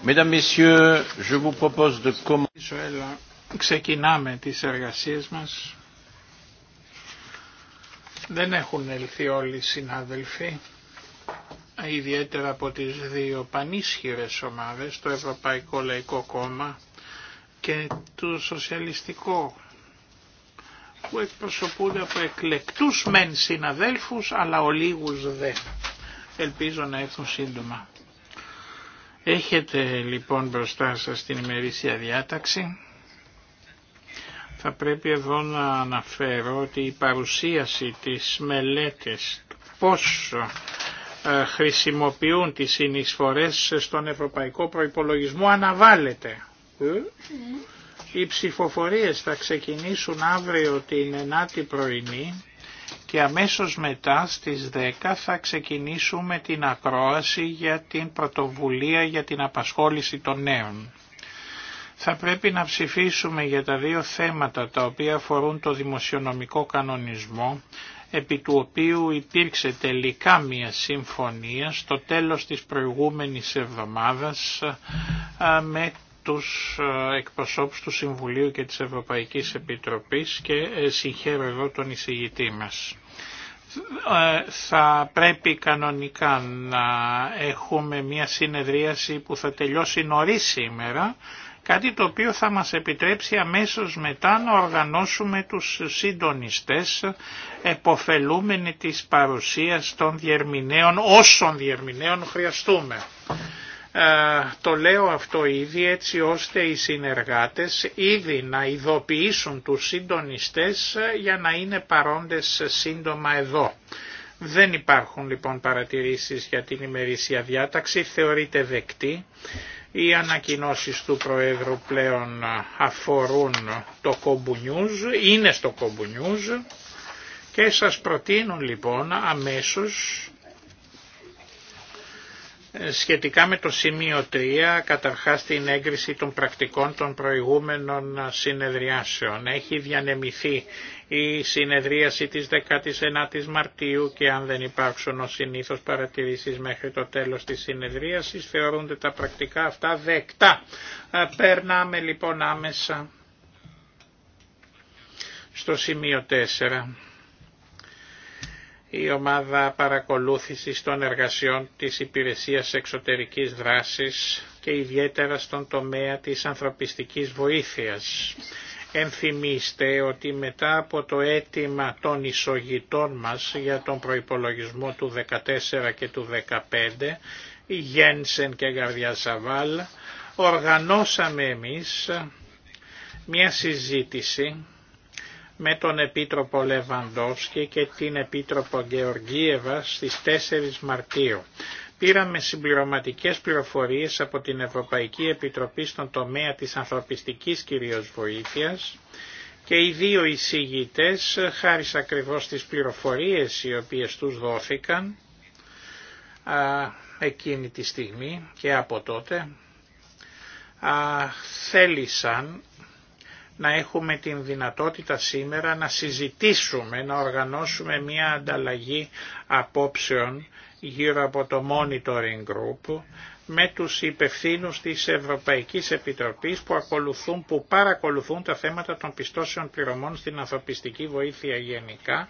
Mesdames, Messieurs, Ξεκινάμε τις εργασίες μας. Δεν έχουν έλθει όλοι οι συνάδελφοι, ιδιαίτερα από τις δύο πανίσχυρες ομάδες, το Ευρωπαϊκό Λαϊκό Κόμμα και το Σοσιαλιστικό που εκπροσωπούνται από εκλεκτούς μεν συναδέλφους αλλά ολίγους δε. Ελπίζω να έρθουν σύντομα. Έχετε λοιπόν μπροστά σας την ημερήσια διάταξη. Θα πρέπει εδώ να αναφέρω ότι η παρουσίαση της μελέτης πώς ε, χρησιμοποιούν τις συνεισφορές στον ευρωπαϊκό προϋπολογισμό αναβάλλεται. Ε? Ναι. Οι ψηφοφορίες θα ξεκινήσουν αύριο την 9η πρωινή και αμέσως μετά στις 10 θα ξεκινήσουμε την ακρόαση για την πρωτοβουλία για την απασχόληση των νέων. Θα πρέπει να ψηφίσουμε για τα δύο θέματα τα οποία αφορούν το δημοσιονομικό κανονισμό, επί του οποίου υπήρξε τελικά μια συμφωνία στο τέλος της προηγούμενης εβδομάδας με τους εκπροσώπους του Συμβουλίου και της Ευρωπαϊκής Επιτροπής και ε, συγχαίρω εδώ τον εισηγητή μας. Ε, θα πρέπει κανονικά να έχουμε μια συνεδρίαση που θα τελειώσει νωρίς σήμερα, κάτι το οποίο θα μας επιτρέψει αμέσως μετά να οργανώσουμε τους συντονιστές εποφελούμενοι της παρουσίας των διερμηνέων, όσων διερμηνέων χρειαστούμε. Ε, το λέω αυτό ήδη έτσι ώστε οι συνεργάτες ήδη να ειδοποιήσουν τους συντονιστές για να είναι παρόντες σύντομα εδώ. Δεν υπάρχουν λοιπόν παρατηρήσεις για την ημερήσια διάταξη, θεωρείται δεκτή. Οι ανακοινώσεις του Προέδρου πλέον αφορούν το κομπουνιούζ, είναι στο κομπουνιούζ και σας προτείνουν λοιπόν αμέσως Σχετικά με το σημείο 3, καταρχάς την έγκριση των πρακτικών των προηγούμενων συνεδριάσεων. Έχει διανεμηθεί η συνεδρίαση της 19ης Μαρτίου και αν δεν υπάρξουν ως συνήθως παρατηρήσεις μέχρι το τέλος της συνεδρίασης θεωρούνται τα πρακτικά αυτά δεκτά. Ε, περνάμε λοιπόν άμεσα στο σημείο 4 η ομάδα παρακολούθησης των εργασιών της Υπηρεσίας Εξωτερικής Δράσης και ιδιαίτερα στον τομέα της ανθρωπιστικής βοήθειας. Ενθυμίστε ότι μετά από το αίτημα των ισογητών μας για τον προϋπολογισμό του 14 και του 15, η Γένσεν και Γαρδιά Σαβάλ, οργανώσαμε εμείς μια συζήτηση με τον Επίτροπο Λεβαντόφσκι και την Επίτροπο Γεωργίευα στις 4 Μαρτίου. Πήραμε συμπληρωματικές πληροφορίες από την Ευρωπαϊκή Επιτροπή στον τομέα της ανθρωπιστικής κυρίως βοήθειας και οι δύο εισηγητές, χάρη ακριβώς στις πληροφορίες οι οποίες τους δόθηκαν εκείνη τη στιγμή και από τότε, α, θέλησαν να έχουμε την δυνατότητα σήμερα να συζητήσουμε, να οργανώσουμε μια ανταλλαγή απόψεων γύρω από το Monitoring Group με τους υπευθύνους της Ευρωπαϊκής Επιτροπής που, ακολουθούν, που παρακολουθούν τα θέματα των πιστώσεων πληρωμών στην ανθρωπιστική βοήθεια γενικά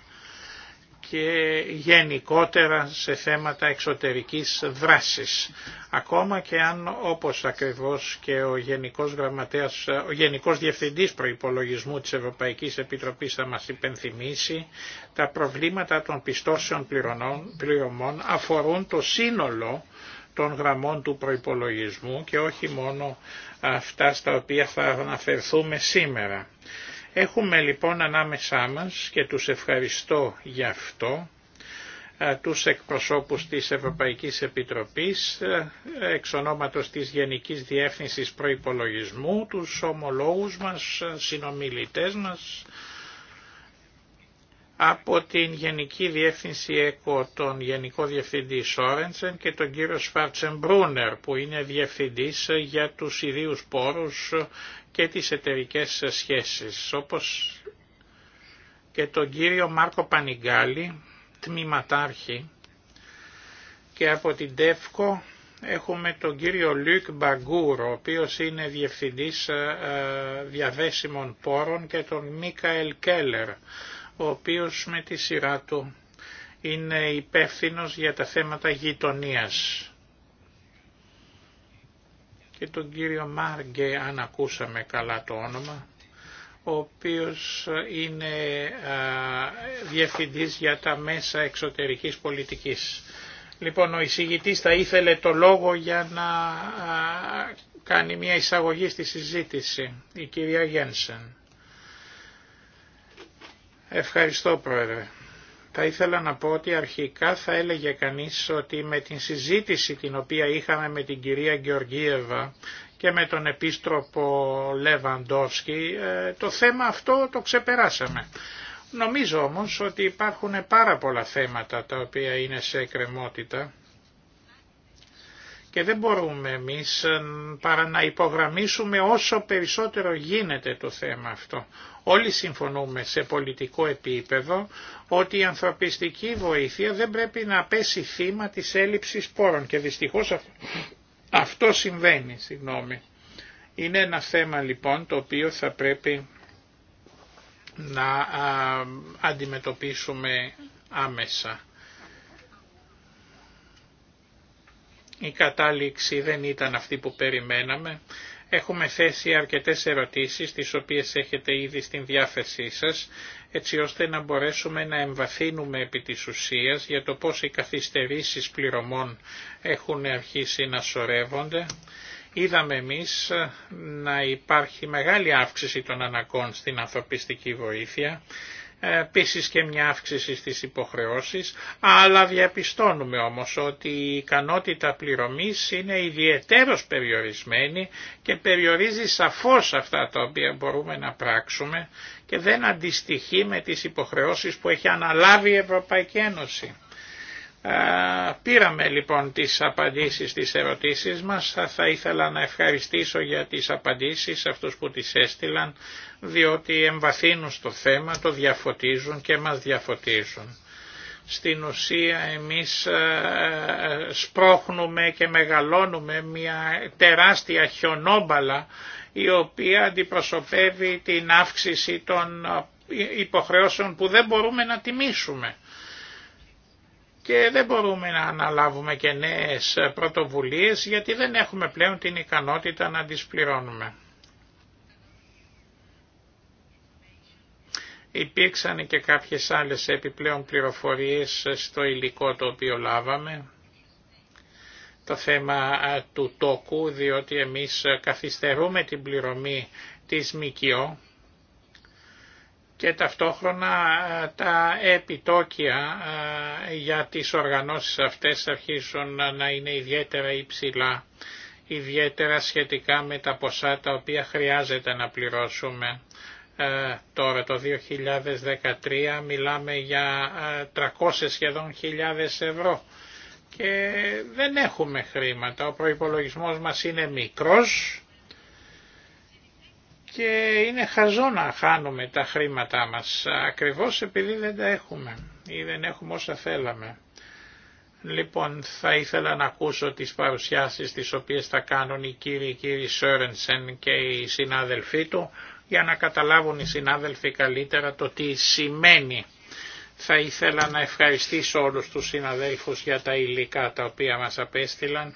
και γενικότερα σε θέματα εξωτερικής δράσης. Ακόμα και αν όπως ακριβώς και ο Γενικός, Γραμματέας, ο Γενικός Διευθυντής Προϋπολογισμού της Ευρωπαϊκής Επιτροπής θα μας υπενθυμίσει, τα προβλήματα των πιστώσεων πληρωμών αφορούν το σύνολο των γραμμών του προϋπολογισμού και όχι μόνο αυτά στα οποία θα αναφερθούμε σήμερα. Έχουμε λοιπόν ανάμεσά μας και τους ευχαριστώ για αυτό ε, τους εκπροσώπους της Ευρωπαϊκής Επιτροπής ε, εξ ονόματος της Γενικής Διεύθυνσης Προϋπολογισμού, τους ομολόγους μας, ε, συνομιλητές μας, από την Γενική Διεύθυνση ΕΚΟ, τον Γενικό Διευθυντή Σόρεντσεν και τον κύριο Μπρούνερ που είναι Διευθυντής για τους ιδίους πόρους και τις εταιρικές σχέσεις, όπως και τον κύριο Μάρκο Πανιγκάλη, τμήματάρχη και από την ΤΕΦΚΟ έχουμε τον κύριο Λουκ Μπαγκούρ, ο οποίος είναι Διευθυντής ε, ε, Διαβέσιμων Πόρων και τον Μίκαελ Κέλλερ, ο οποίος με τη σειρά του είναι υπεύθυνος για τα θέματα γειτονίας. Και τον κύριο Μάργκε, αν ακούσαμε καλά το όνομα, ο οποίος είναι α, διευθυντής για τα μέσα εξωτερικής πολιτικής. Λοιπόν, ο εισηγητής θα ήθελε το λόγο για να κάνει μια εισαγωγή στη συζήτηση, η κυρία Γένσεν. Ευχαριστώ Πρόεδρε. Θα ήθελα να πω ότι αρχικά θα έλεγε κανείς ότι με την συζήτηση την οποία είχαμε με την κυρία Γεωργίευα και με τον Επίστροπο Λεβαντόφσκι ε, το θέμα αυτό το ξεπεράσαμε. Νομίζω όμως ότι υπάρχουν πάρα πολλά θέματα τα οποία είναι σε εκκρεμότητα και δεν μπορούμε εμείς ε, παρά να υπογραμμίσουμε όσο περισσότερο γίνεται το θέμα αυτό. Όλοι συμφωνούμε σε πολιτικό επίπεδο ότι η ανθρωπιστική βοήθεια δεν πρέπει να πέσει θύμα της έλλειψης πόρων και δυστυχώς αυτό συμβαίνει. Συγγνώμη. Είναι ένα θέμα λοιπόν το οποίο θα πρέπει να αντιμετωπίσουμε άμεσα. Η κατάληξη δεν ήταν αυτή που περιμέναμε. Έχουμε θέσει αρκετές ερωτήσεις, τις οποίες έχετε ήδη στην διάθεσή σας, έτσι ώστε να μπορέσουμε να εμβαθύνουμε επί της ουσίας για το πώς οι καθυστερήσεις πληρωμών έχουν αρχίσει να σωρεύονται. Είδαμε εμείς να υπάρχει μεγάλη αύξηση των ανακών στην ανθρωπιστική βοήθεια ε, επίση και μια αύξηση στις υποχρεώσεις, αλλά διαπιστώνουμε όμως ότι η ικανότητα πληρωμής είναι ιδιαίτερος περιορισμένη και περιορίζει σαφώς αυτά τα οποία μπορούμε να πράξουμε και δεν αντιστοιχεί με τις υποχρεώσεις που έχει αναλάβει η Ευρωπαϊκή Ένωση. Πήραμε λοιπόν τις απαντήσεις στις ερωτήσεις μας. Θα ήθελα να ευχαριστήσω για τις απαντήσεις αυτούς που τις έστειλαν, διότι εμβαθύνουν στο θέμα, το διαφωτίζουν και μας διαφωτίζουν. Στην ουσία εμείς σπρώχνουμε και μεγαλώνουμε μια τεράστια χιονόμπαλα η οποία αντιπροσωπεύει την αύξηση των ε, υποχρεώσεων που δεν μπορούμε να τιμήσουμε και δεν μπορούμε να αναλάβουμε και νέες πρωτοβουλίες γιατί δεν έχουμε πλέον την ικανότητα να τις πληρώνουμε. Υπήρξαν και κάποιες άλλες επιπλέον πληροφορίες στο υλικό το οποίο λάβαμε. Το θέμα του τόκου, διότι εμείς καθυστερούμε την πληρωμή της ΜΚΙΟ και ταυτόχρονα ε, τα επιτόκια ε, για τις οργανώσεις αυτές αρχίσουν να είναι ιδιαίτερα υψηλά, ιδιαίτερα σχετικά με τα ποσά τα οποία χρειάζεται να πληρώσουμε. Ε, τώρα το 2013 μιλάμε για 300 σχεδόν χιλιάδες ευρώ και δεν έχουμε χρήματα. Ο προϋπολογισμός μας είναι μικρός και είναι χαζό να χάνουμε τα χρήματά μας ακριβώς επειδή δεν τα έχουμε ή δεν έχουμε όσα θέλαμε. Λοιπόν, θα ήθελα να ακούσω τις παρουσιάσεις τις οποίες θα κάνουν οι κύριοι κύριοι Σόρενσεν και οι συνάδελφοί του για να καταλάβουν οι συνάδελφοι καλύτερα το τι σημαίνει. Θα ήθελα να ευχαριστήσω όλους τους συναδέλφους για τα υλικά τα οποία μας απέστειλαν.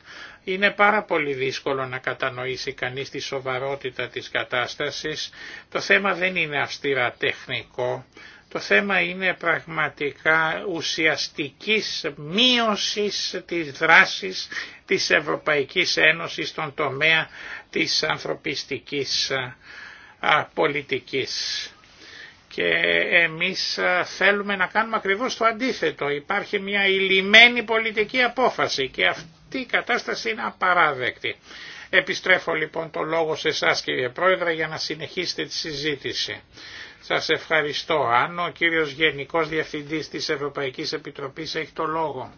Είναι πάρα πολύ δύσκολο να κατανοήσει κανείς τη σοβαρότητα της κατάστασης. Το θέμα δεν είναι αυστηρά τεχνικό. Το θέμα είναι πραγματικά ουσιαστικής μείωσης της δράσης της Ευρωπαϊκής Ένωσης στον τομέα της ανθρωπιστικής πολιτικής. Και εμείς θέλουμε να κάνουμε ακριβώς το αντίθετο. Υπάρχει μια ηλυμένη πολιτική απόφαση και αυτό αυτή η κατάσταση είναι απαράδεκτη. Επιστρέφω λοιπόν το λόγο σε εσά κύριε Πρόεδρε για να συνεχίσετε τη συζήτηση. Σας ευχαριστώ. Αν ο κύριος Γενικός Διευθυντής της Ευρωπαϊκής Επιτροπής έχει το λόγο.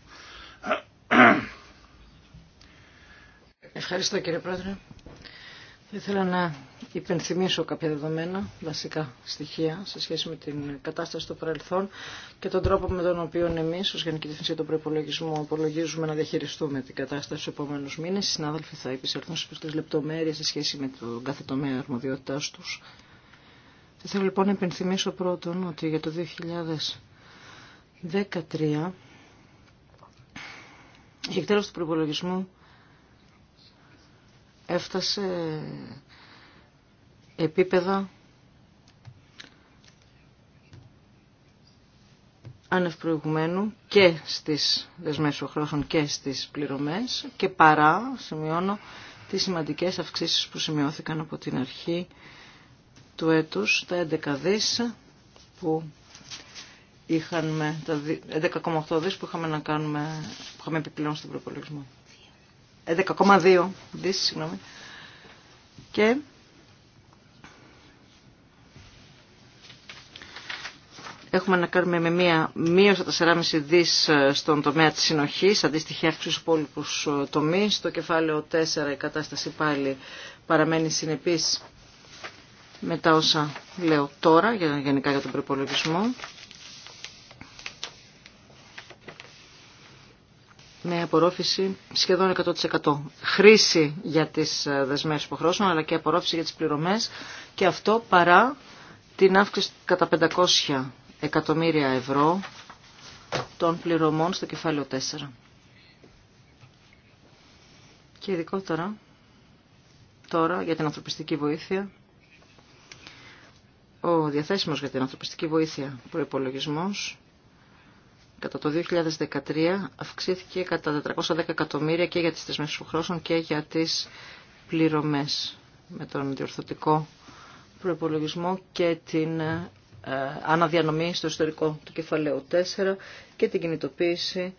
Ευχαριστώ κύριε Πρόεδρε. Θα ήθελα να υπενθυμίσω κάποια δεδομένα, βασικά στοιχεία, σε σχέση με την κατάσταση των παρελθόν και τον τρόπο με τον οποίο εμεί, ω Γενική Διευθυνσία του Προπολογισμού, απολογίζουμε να διαχειριστούμε την κατάσταση του επόμενου μήνε. Οι συνάδελφοι θα επισέλθουν σε τι λεπτομέρειε σε σχέση με τον κάθε τομέα αρμοδιότητά του. Θα ήθελα λοιπόν να υπενθυμίσω πρώτον ότι για το 2013 η εκτέλεση του προπολογισμού έφτασε επίπεδα ανευπροηγουμένου και στις δεσμές οχρώσεων και στις πληρωμές και παρά, σημειώνω, τις σημαντικές αυξήσεις που σημειώθηκαν από την αρχή του έτους, τα 11 δις που είχαμε, τα 11,8 δις που είχαμε να κάνουμε, που είχαμε επιπλέον στον προπολογισμό. 11,2 ε, δις, συγγνώμη. Και έχουμε να κάνουμε με μία μείωση τα 4,5 δις ε, στον τομέα της συνοχής, αντίστοιχη αύξηση στους υπόλοιπους ε, τομείς. Στο κεφάλαιο 4 η κατάσταση πάλι παραμένει συνεπής με τα όσα λέω τώρα, γενικά για τον προπολογισμό. με απορρόφηση σχεδόν 100%. Χρήση για τις ε, δεσμεύσεις υποχρώσεων αλλά και απορρόφηση για τις πληρωμές και αυτό παρά την αύξηση κατά 500 εκατομμύρια ευρώ των πληρωμών στο κεφάλαιο 4. Και ειδικότερα τώρα για την ανθρωπιστική βοήθεια. Ο διαθέσιμος για την ανθρωπιστική βοήθεια προϋπολογισμός κατά το 2013 αυξήθηκε κατά 410 εκατομμύρια και για τις θεσμές χρόνων και για τις πληρωμές με τον διορθωτικό προϋπολογισμό και την ε, αναδιανομή στο ιστορικό του κεφαλαίου 4 και την κινητοποίηση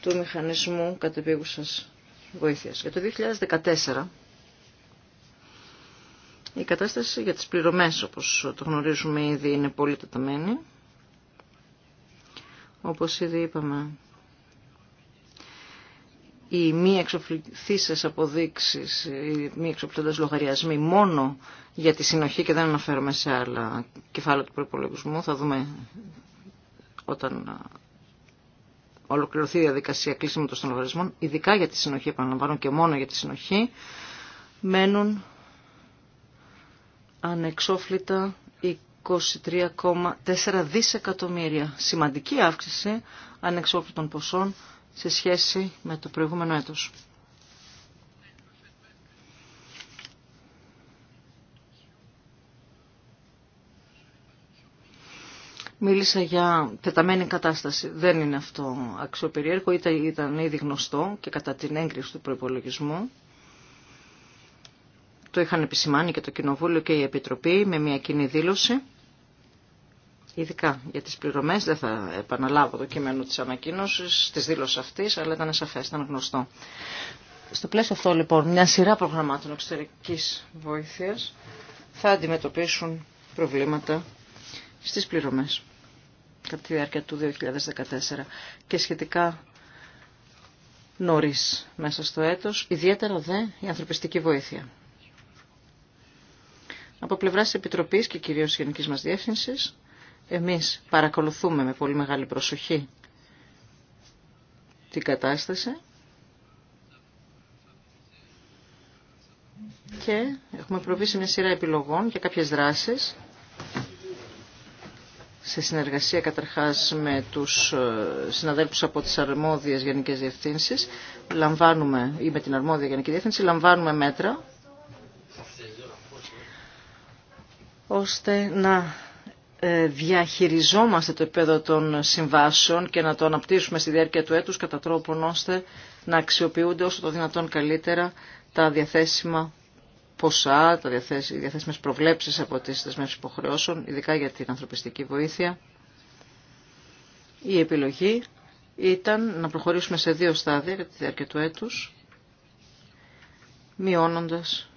του μηχανισμού κατεπίγουσας βοήθειας. Για το 2014 η κατάσταση για τις πληρωμές όπως το γνωρίζουμε ήδη είναι πολύ τεταμένη όπως ήδη είπαμε. Οι μη εξοφληθήσεις αποδείξεις, οι μη λογαριασμοί μόνο για τη συνοχή και δεν αναφέρομαι σε άλλα κεφάλαια του προϋπολογισμού Θα δούμε όταν ολοκληρωθεί η διαδικασία κλείσιμο των λογαριασμών, ειδικά για τη συνοχή, επαναλαμβάνω και μόνο για τη συνοχή, μένουν ανεξόφλητα 23,4 δισεκατομμύρια. Σημαντική αύξηση ανεξόπλητων ποσών σε σχέση με το προηγούμενο έτος. Μίλησα για τεταμένη κατάσταση. Δεν είναι αυτό αξιοπεριέργο, ήταν, ήταν ήδη γνωστό και κατά την έγκριση του προπολογισμού. Το είχαν επισημάνει και το Κοινοβούλιο και η Επιτροπή με μια κοινή δήλωση ειδικά για τις πληρωμές. Δεν θα επαναλάβω το κείμενο της ανακοίνωσης, της δήλωσης αυτής, αλλά ήταν σαφές, ήταν γνωστό. Στο πλαίσιο αυτό λοιπόν μια σειρά προγραμμάτων εξωτερικής βοήθειας θα αντιμετωπίσουν προβλήματα στις πληρωμές κατά τη διάρκεια του 2014 και σχετικά νωρίς μέσα στο έτος, ιδιαίτερα δε η ανθρωπιστική βοήθεια. Από πλευράς τη Επιτροπής και κυρίως της Γενικής μας Διεύθυνσης, εμείς παρακολουθούμε με πολύ μεγάλη προσοχή την κατάσταση και έχουμε προβεί μια σειρά επιλογών για κάποιες δράσεις σε συνεργασία καταρχάς με τους ε, συναδέλφους από τις αρμόδιες γενικές διευθύνσεις λαμβάνουμε, ή με την αρμόδια γενική διεύθυνση λαμβάνουμε μέτρα ώστε να ε, διαχειριζόμαστε το επίπεδο των συμβάσεων και να το αναπτύσσουμε στη διάρκεια του έτους κατά τρόπον ώστε να αξιοποιούνται όσο το δυνατόν καλύτερα τα διαθέσιμα ποσά, τα οι διαθέσιμες προβλέψεις από τις δεσμεύσεις υποχρεώσεων, ειδικά για την ανθρωπιστική βοήθεια. Η επιλογή ήταν να προχωρήσουμε σε δύο στάδια για τη διάρκεια του έτους, μειώνοντας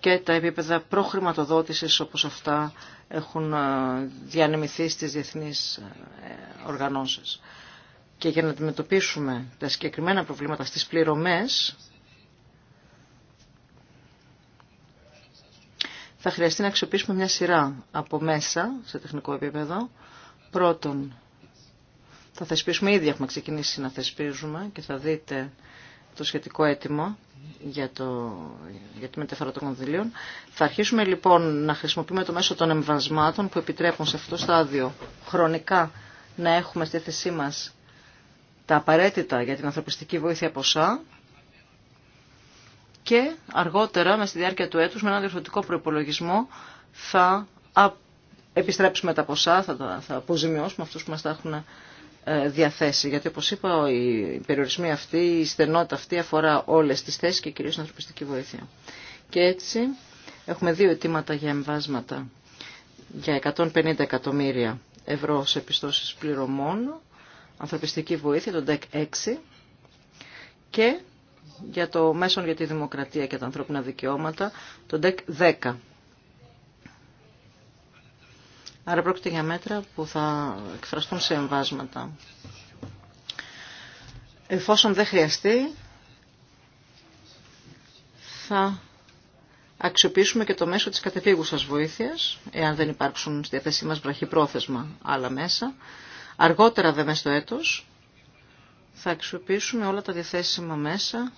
και τα επίπεδα προχρηματοδότησης όπως αυτά έχουν ε, διανεμηθεί στις διεθνείς ε, οργανώσεις. Και για να αντιμετωπίσουμε τα συγκεκριμένα προβλήματα στις πληρωμές, θα χρειαστεί να αξιοποιήσουμε μια σειρά από μέσα, σε τεχνικό επίπεδο. Πρώτον, θα θεσπίσουμε, ήδη έχουμε ξεκινήσει να θεσπίζουμε και θα δείτε το σχετικό αίτημα για, το, για τη μεταφορά των κονδυλίων. Θα αρχίσουμε λοιπόν να χρησιμοποιούμε το μέσο των εμβασμάτων που επιτρέπουν σε αυτό το στάδιο χρονικά να έχουμε στη θέσή μας τα απαραίτητα για την ανθρωπιστική βοήθεια ποσά και αργότερα με στη διάρκεια του έτους με έναν διορθωτικό προπολογισμό θα επιστρέψουμε τα ποσά, θα, θα αποζημιώσουμε αυτούς που μας τα έχουν ε, διαθέσει. Γιατί όπως είπα, οι περιορισμοί αυτή, η στενότητα αυτή αφορά όλες τις θέσεις και κυρίως την ανθρωπιστική βοήθεια. Και έτσι έχουμε δύο αιτήματα για εμβάσματα για 150 εκατομμύρια ευρώ σε επιστώσεις πληρωμών, ανθρωπιστική βοήθεια, τον ΤΕΚ 6 και για το μέσον για τη δημοκρατία και τα ανθρώπινα δικαιώματα, τον ΤΕΚ 10. Άρα πρόκειται για μέτρα που θα εκφραστούν σε εμβάσματα. Εφόσον δεν χρειαστεί, θα αξιοποιήσουμε και το μέσο της κατεπίγουσας βοήθειας, εάν δεν υπάρξουν στη διαθέσή μας βραχυπρόθεσμα άλλα μέσα. Αργότερα δε μέσα στο έτος θα αξιοποιήσουμε όλα τα διαθέσιμα μέσα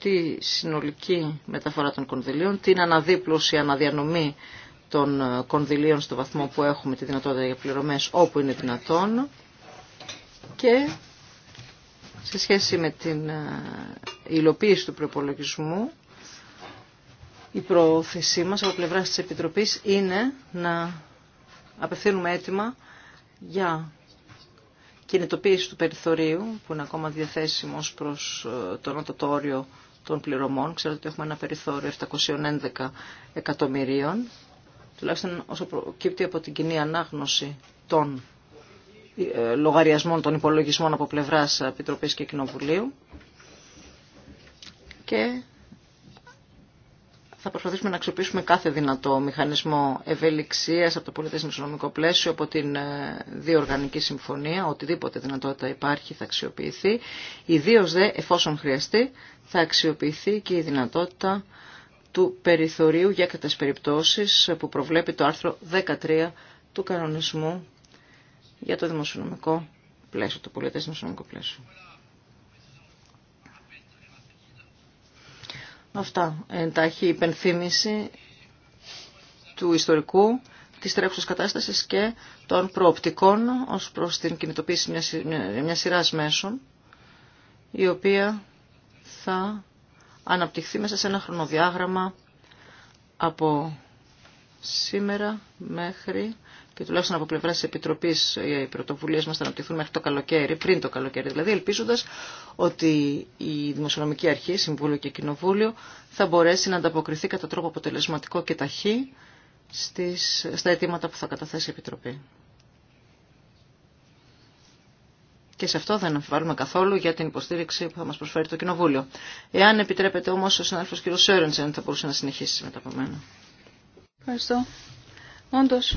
τη συνολική μεταφορά των κονδυλίων, την αναδίπλωση, αναδιανομή των ε, κονδυλίων στο βαθμό που έχουμε τη δυνατότητα για πληρωμές όπου είναι δυνατόν και σε σχέση με την ε, υλοποίηση του προπολογισμού η προώθησή μας από πλευράς της Επιτροπής είναι να απευθύνουμε έτοιμα για κινητοποίηση του περιθωρίου που είναι ακόμα διαθέσιμος προς ε, το νοτοτόριο των πληρωμών. Ξέρετε ότι έχουμε ένα περιθώριο 711 εκατομμυρίων, τουλάχιστον όσο προκύπτει από την κοινή ανάγνωση των ε, λογαριασμών των υπολογισμών από πλευράς Επιτροπής και Κοινοβουλίου. Και θα προσπαθήσουμε να αξιοποιήσουμε κάθε δυνατό μηχανισμό ευελιξίας από το πολιτισμικό οικονομικό πλαίσιο, από την ε, διοργανική συμφωνία, οτιδήποτε δυνατότητα υπάρχει θα αξιοποιηθεί. Ιδίω δε, εφόσον χρειαστεί, θα αξιοποιηθεί και η δυνατότητα του περιθωρίου για κατές περιπτώσεις που προβλέπει το άρθρο 13 του κανονισμού για το δημοσιονομικό πλαίσιο, το πολιτές πλαίσιο. Αυτά. Εντάχει υπενθύμηση του ιστορικού τη τρέχουσα κατάσταση και των προοπτικών ω προ την κινητοποίηση μια σειρά μέσων, η οποία θα αναπτυχθεί μέσα σε ένα χρονοδιάγραμμα από σήμερα μέχρι και τουλάχιστον από πλευρά τη Επιτροπή οι πρωτοβουλίε μα θα αναπτυχθούν μέχρι το καλοκαίρι, πριν το καλοκαίρι δηλαδή, ελπίζοντα ότι η Δημοσιονομική Αρχή, Συμβούλιο και Κοινοβούλιο θα μπορέσει να ανταποκριθεί κατά τρόπο αποτελεσματικό και ταχύ στις, στα αιτήματα που θα καταθέσει η Επιτροπή. Και σε αυτό δεν αμφιβάλλουμε καθόλου για την υποστήριξη που θα μα προσφέρει το Κοινοβούλιο. Εάν επιτρέπετε όμω, ο συνάδελφο κ. Σέρενσεν θα μπορούσε να συνεχίσει μετά από μένα. Ευχαριστώ. Όντως,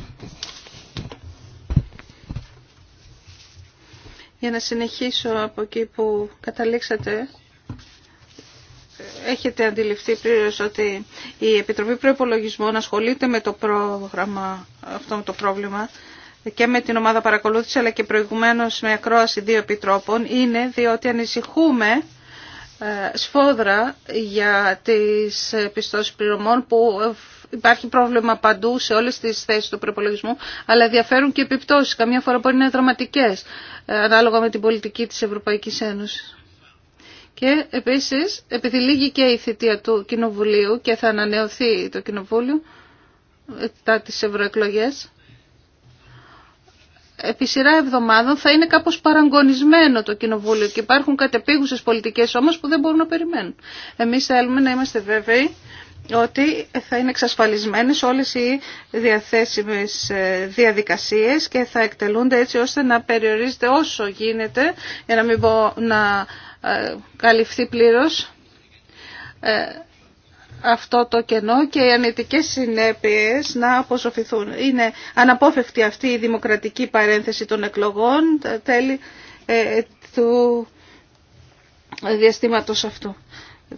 για να συνεχίσω από εκεί που καταλήξατε, έχετε αντιληφθεί πλήρω ότι η Επιτροπή Προϋπολογισμών ασχολείται με το πρόγραμμα, αυτό το πρόβλημα και με την ομάδα παρακολούθηση αλλά και προηγουμένως με ακρόαση δύο επιτρόπων είναι διότι ανησυχούμε ε, σφόδρα για τις ε, πιστώσεις πληρωμών που Υπάρχει πρόβλημα παντού σε όλες τις θέσεις του προπολογισμού, αλλά διαφέρουν και επιπτώσεις. Καμιά φορά μπορεί να είναι δραματικές, ε, ανάλογα με την πολιτική της Ευρωπαϊκής Ένωσης. Και επίσης, επειδή λύγει και η θητεία του Κοινοβουλίου και θα ανανεωθεί το Κοινοβούλιο, μετά τις ευρωεκλογές, επί σειρά εβδομάδων θα είναι κάπως παραγκονισμένο το κοινοβούλιο και υπάρχουν κατεπίγουσες πολιτικές όμως που δεν μπορούν να περιμένουν. Εμείς θέλουμε να είμαστε βέβαιοι ότι θα είναι εξασφαλισμένες όλες οι διαθέσιμες ε, διαδικασίες και θα εκτελούνται έτσι ώστε να περιορίζεται όσο γίνεται, για να μην πω να ε, καλυφθεί πλήρως ε, αυτό το κενό και οι ανετικές συνέπειες να αποσοφηθούν. Είναι αναπόφευκτη αυτή η δημοκρατική παρένθεση των εκλογών τέλη του διαστήματος αυτού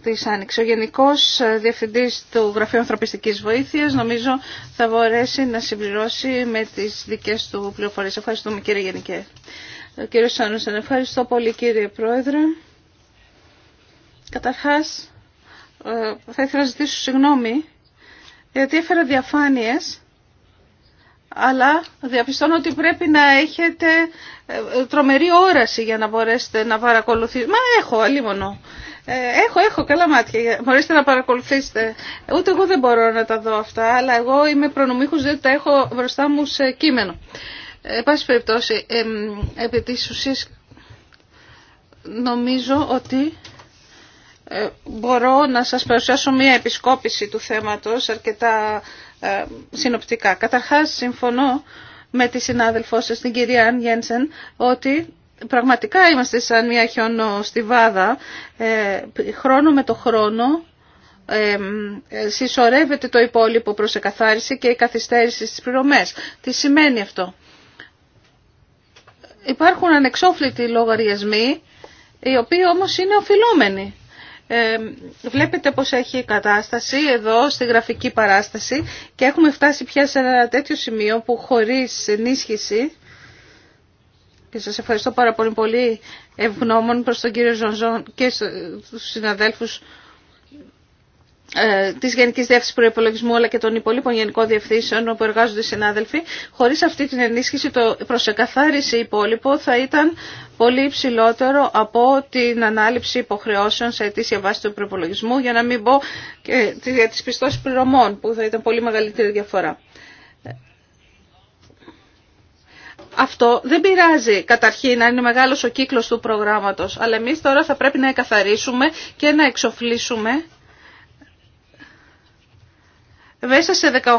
της Άνοιξης. Ο Γενικός ε, Διευθυντής του Γραφείου Ανθρωπιστικής Βοήθειας νομίζω θα μπορέσει να συμπληρώσει με τις δικές του πληροφορίες. Ευχαριστούμε κύριε Γενικέ. Ε, κύριε Σάνουσεν, ευχαριστώ πολύ κύριε Πρόεδρε. Καταρχάς, ε, θα ήθελα να ζητήσω συγγνώμη γιατί έφερα διαφάνειες αλλά διαπιστώνω ότι πρέπει να έχετε τρομερή όραση για να μπορέσετε να παρακολουθείτε. Μα έχω, αλίμονο. Ε, έχω, έχω, καλά μάτια. Μπορείτε να παρακολουθήσετε. Ούτε εγώ δεν μπορώ να τα δω αυτά, αλλά εγώ είμαι προνομίχος, διότι τα έχω μπροστά μου σε κείμενο. Ε, πάση περιπτώσει, επί της ουσίας, νομίζω ότι ε, μπορώ να σας παρουσιάσω μία επισκόπηση του θέματος αρκετά ε, συνοπτικά. Καταρχάς, συμφωνώ με τη συνάδελφό σας, την κυρία Αν ότι πραγματικά είμαστε σαν μια χιονοστιβάδα, ε, χρόνο με το χρόνο ε, συσσωρεύεται το υπόλοιπο προς εκαθάριση και η καθυστέρηση στις πληρωμές. Τι σημαίνει αυτό. Υπάρχουν ανεξόφλητοι λογαριασμοί, οι οποίοι όμως είναι οφειλόμενοι. Ε, βλέπετε πως έχει κατάσταση εδώ στη γραφική παράσταση και έχουμε φτάσει πια σε ένα τέτοιο σημείο που χωρίς ενίσχυση και σας ευχαριστώ πάρα πολύ πολύ ευγνώμων προς τον κύριο Ζωνζόν και τους συναδέλφους ε, της Γενικής Διεύθυνσης Προϋπολογισμού αλλά και των υπολείπων γενικών διευθύνσεων όπου εργάζονται οι συνάδελφοι. Χωρίς αυτή την ενίσχυση το προσεκαθάριση υπόλοιπο θα ήταν πολύ υψηλότερο από την ανάληψη υποχρεώσεων σε αιτήσια βάση του προπολογισμού για να μην πω και για τις πιστώσεις πληρωμών που θα ήταν πολύ μεγαλύτερη διαφορά. Αυτό δεν πειράζει καταρχήν να είναι μεγάλος ο κύκλος του προγράμματος, αλλά εμείς τώρα θα πρέπει να εκαθαρίσουμε και να εξοφλήσουμε μέσα σε 18,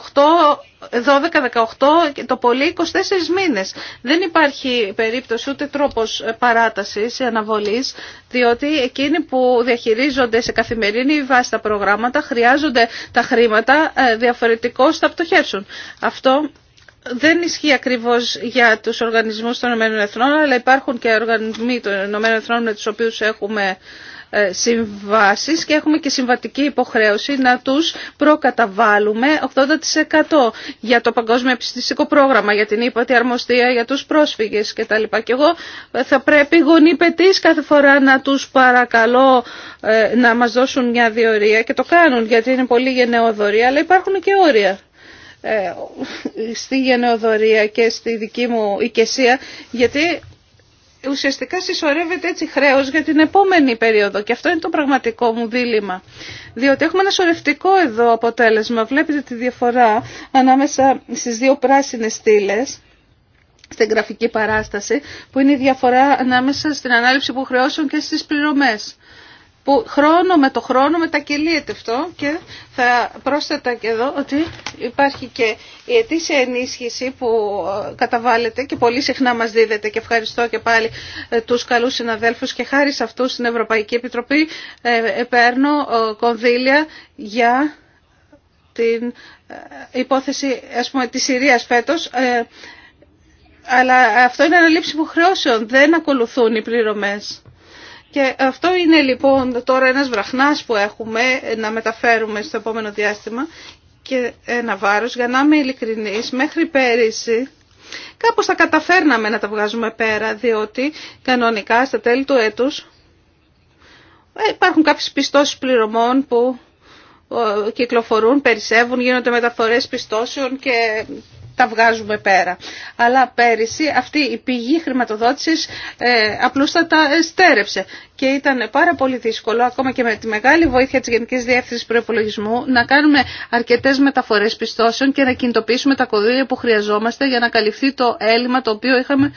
12-18 το πολύ 24 μήνες. Δεν υπάρχει περίπτωση ούτε τρόπος παράτασης ή αναβολής, διότι εκείνοι που διαχειρίζονται σε καθημερινή βάση τα προγράμματα χρειάζονται τα χρήματα ε, διαφορετικώς θα πτωχεύσουν. Αυτό δεν ισχύει ακριβώς για τους οργανισμούς των ΗΕ, αλλά υπάρχουν και οργανισμοί των ΗΕ με τους οποίους έχουμε ε, συμβάσεις και έχουμε και συμβατική υποχρέωση να τους προκαταβάλουμε 80% για το Παγκόσμιο Επιστημιστικό Πρόγραμμα, για την ύπατη αρμοστία, για τους πρόσφυγες κτλ. Και εγώ θα πρέπει γονεί γονίπετής κάθε φορά να τους παρακαλώ ε, να μας δώσουν μια διορία και το κάνουν γιατί είναι πολύ γενναιόδοροι, αλλά υπάρχουν και όρια. Ε, στη γενεοδορία και στη δική μου οικεσία, γιατί ουσιαστικά συσσωρεύεται έτσι χρέος για την επόμενη περίοδο και αυτό είναι το πραγματικό μου δίλημα. Διότι έχουμε ένα σωρευτικό εδώ αποτέλεσμα. Βλέπετε τη διαφορά ανάμεσα στις δύο πράσινες στήλε στην γραφική παράσταση, που είναι η διαφορά ανάμεσα στην ανάληψη χρεώσουν και στις πληρωμές που χρόνο με το χρόνο μετακυλείεται αυτό και θα πρόσθετα και εδώ ότι υπάρχει και η ετήσια ενίσχυση που ε, καταβάλλεται και πολύ συχνά μας δίδεται και ευχαριστώ και πάλι ε, τους καλούς συναδέλφους και χάρη σε αυτούς στην Ευρωπαϊκή Επιτροπή ε, παίρνω κονδύλια για την υπόθεση ας πούμε της Συρίας φέτος αλλά αυτό είναι που χρεώσεων, δεν ακολουθούν οι πληρωμές. Και αυτό είναι λοιπόν τώρα ένας βραχνάς που έχουμε να μεταφέρουμε στο επόμενο διάστημα και ένα βάρος για να είμαι ειλικρινής μέχρι πέρυσι κάπως θα καταφέρναμε να τα βγάζουμε πέρα διότι κανονικά στα τέλη του έτους ε, υπάρχουν κάποιες πιστώσεις πληρωμών που ε, κυκλοφορούν, περισσεύουν, γίνονται μεταφορές πιστώσεων και τα βγάζουμε πέρα. Αλλά πέρυσι αυτή η πηγή χρηματοδότησης ε, απλούστατα στέρεψε και ήταν πάρα πολύ δύσκολο ακόμα και με τη μεγάλη βοήθεια της Γενικής Διεύθυνσης Προϋπολογισμού να κάνουμε αρκετές μεταφορές πιστώσεων και να κινητοποιήσουμε τα κονδύλια που χρειαζόμαστε για να καλυφθεί το έλλειμμα το οποίο είχαμε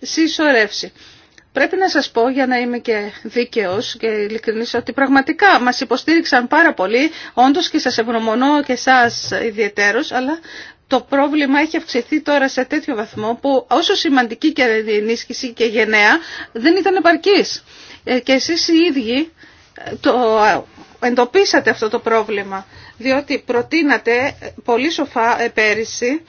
συσσωρεύσει. Πρέπει να σας πω, για να είμαι και δίκαιος και ειλικρινής, ότι πραγματικά μας υποστήριξαν πάρα πολύ, όντως και σας ευγνωμονώ και σας ιδιαιτέρως, αλλά το πρόβλημα έχει αυξηθεί τώρα σε τέτοιο βαθμό που όσο σημαντική και ενίσχυση και γενναία δεν ήταν επαρκής. Ε, και εσείς οι ίδιοι ε, το εντοπίσατε αυτό το πρόβλημα, διότι προτείνατε ε, πολύ σοφά πέρυσι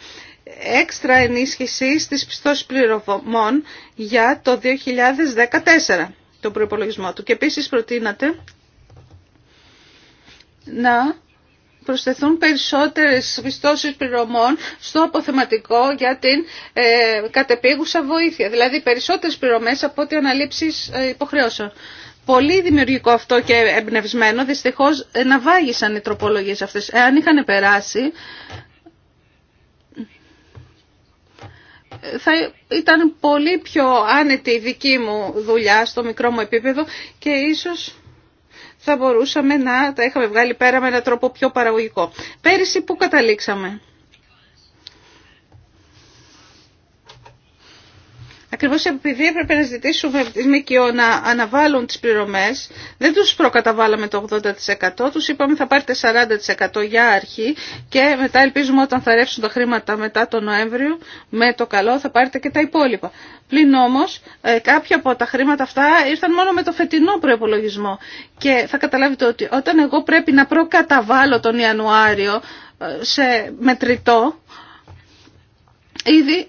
έξτρα ενίσχυση στις πιστώσεις πληρωμών για το 2014, τον προϋπολογισμό του. Και επίσης προτείνατε να προσθεθούν περισσότερες πιστώσεις πληρωμών στο αποθεματικό για την ε, κατεπίγουσα βοήθεια. Δηλαδή περισσότερες πληρωμές από ό,τι αναλήψεις ε, υποχρεώσεων. Πολύ δημιουργικό αυτό και εμπνευσμένο. Δυστυχώς ε, να βάγισαν οι τροπολογίες αυτές. Εάν είχαν περάσει, θα ήταν πολύ πιο άνετη η δική μου δουλειά στο μικρό μου επίπεδο και ίσως θα μπορούσαμε να τα είχαμε βγάλει πέρα με έναν τρόπο πιο παραγωγικό. Πέρυσι που καταλήξαμε. Ακριβώς επειδή έπρεπε να ζητήσουμε από ΜΚΟ να αναβάλουν τις πληρωμές, δεν τους προκαταβάλαμε το 80%, τους είπαμε θα πάρετε 40% για αρχή και μετά ελπίζουμε όταν θα ρεύσουν τα χρήματα μετά τον Νοέμβριο, με το καλό θα πάρετε και τα υπόλοιπα. Πλην όμως ε, κάποια από τα χρήματα αυτά ήρθαν μόνο με το φετινό προπολογισμό και θα καταλάβετε ότι όταν εγώ πρέπει να προκαταβάλω τον Ιανουάριο ε, σε μετρητό, ήδη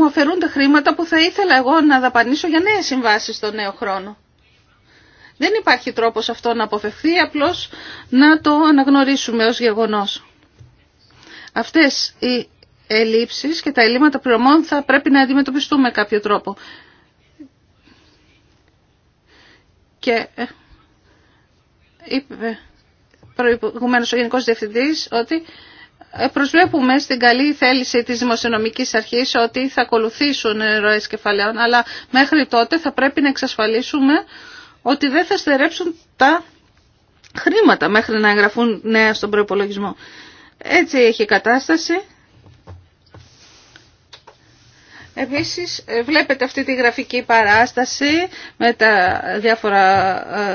μου αφαιρούν τα χρήματα που θα ήθελα εγώ να δαπανίσω για νέες συμβάσεις στο νέο χρόνο. Δεν υπάρχει τρόπος αυτό να αποφευθεί, απλώς να το αναγνωρίσουμε ως γεγονός. Αυτές οι ελλείψεις και τα ελλείμματα πληρωμών θα πρέπει να αντιμετωπιστούμε κάποιο τρόπο. Και ε, είπε προηγουμένως ο Γενικός Διευθυντής ότι ε, προσβλέπουμε στην καλή θέληση της δημοσιονομικής αρχής ότι θα ακολουθήσουν ροές κεφαλαίων, αλλά μέχρι τότε θα πρέπει να εξασφαλίσουμε ότι δεν θα στερέψουν τα χρήματα μέχρι να εγγραφούν νέα στον προϋπολογισμό. Έτσι έχει η κατάσταση. Επίσης ε, βλέπετε αυτή τη γραφική παράσταση με τα διάφορα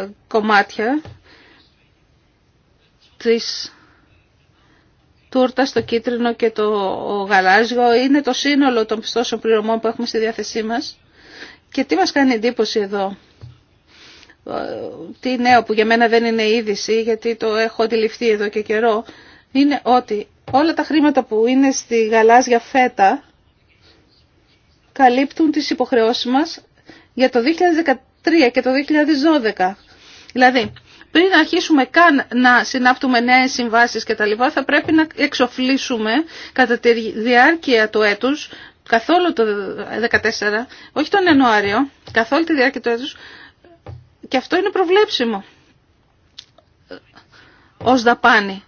ε, κομμάτια της τούρτα στο κίτρινο και το γαλάζιο είναι το σύνολο των πιστώσεων πληρωμών που έχουμε στη διάθεσή μας. Και τι μας κάνει εντύπωση εδώ. Ε, τι νέο που για μένα δεν είναι είδηση γιατί το έχω αντιληφθεί εδώ και καιρό είναι ότι όλα τα χρήματα που είναι στη γαλάζια φέτα καλύπτουν τις υποχρεώσεις μας για το 2013 και το 2012. Δηλαδή, πριν αρχίσουμε καν να συνάπτουμε νέες συμβάσεις και τα λοιπά, θα πρέπει να εξοφλήσουμε κατά τη διάρκεια του έτους, καθόλου το 14, όχι τον Ιανουάριο, καθόλου τη διάρκεια του έτους, και αυτό είναι προβλέψιμο ως δαπάνη.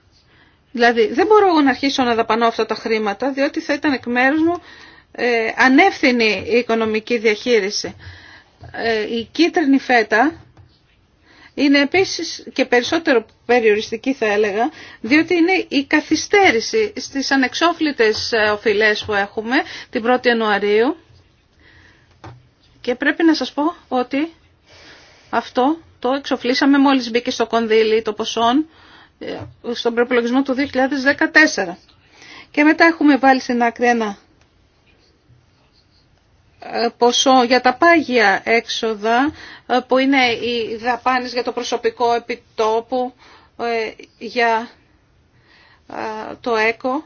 Δηλαδή δεν μπορώ εγώ να αρχίσω να δαπανώ αυτά τα χρήματα, διότι θα ήταν εκ μέρους μου ε, ανεύθυνη η οικονομική διαχείριση. Ε, η κίτρινη φέτα είναι επίσης και περισσότερο περιοριστική θα έλεγα, διότι είναι η καθυστέρηση στις ανεξόφλητες ε, οφειλές που έχουμε την 1η Ιανουαρίου και πρέπει να σας πω ότι αυτό το εξοφλήσαμε μόλις μπήκε στο κονδύλι το ποσόν ε, στον προπολογισμό του 2014. Και μετά έχουμε βάλει στην άκρη ένα ποσό για τα πάγια έξοδα ε, που είναι οι δαπάνες για το προσωπικό επιτόπου ε, για ε, το ΕΚΟ.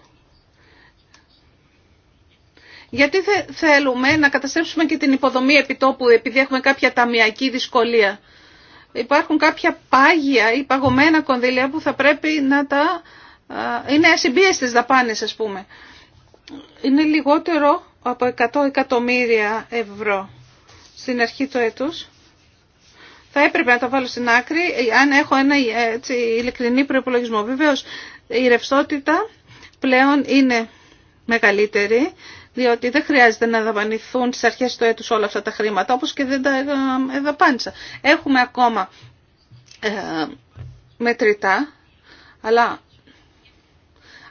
Γιατί θέλουμε να καταστρέψουμε και την υποδομή επιτόπου επειδή έχουμε κάποια ταμιακή δυσκολία. Υπάρχουν κάποια πάγια ή παγωμένα κονδύλια που θα πρέπει να τα... Είναι ασυμπίεστες δαπάνες ας πούμε. Είναι λιγότερο από 100 εκατομμύρια ευρώ στην αρχή του έτους. Θα έπρεπε να τα βάλω στην άκρη αν έχω ένα έτσι, ειλικρινή προπολογισμό. Βεβαίως η ρευστότητα πλέον είναι μεγαλύτερη διότι δεν χρειάζεται να δαπανηθούν στις αρχές του έτους όλα αυτά τα χρήματα όπως και δεν τα δαπάνησα. Έχουμε ακόμα ε, μετρητά αλλά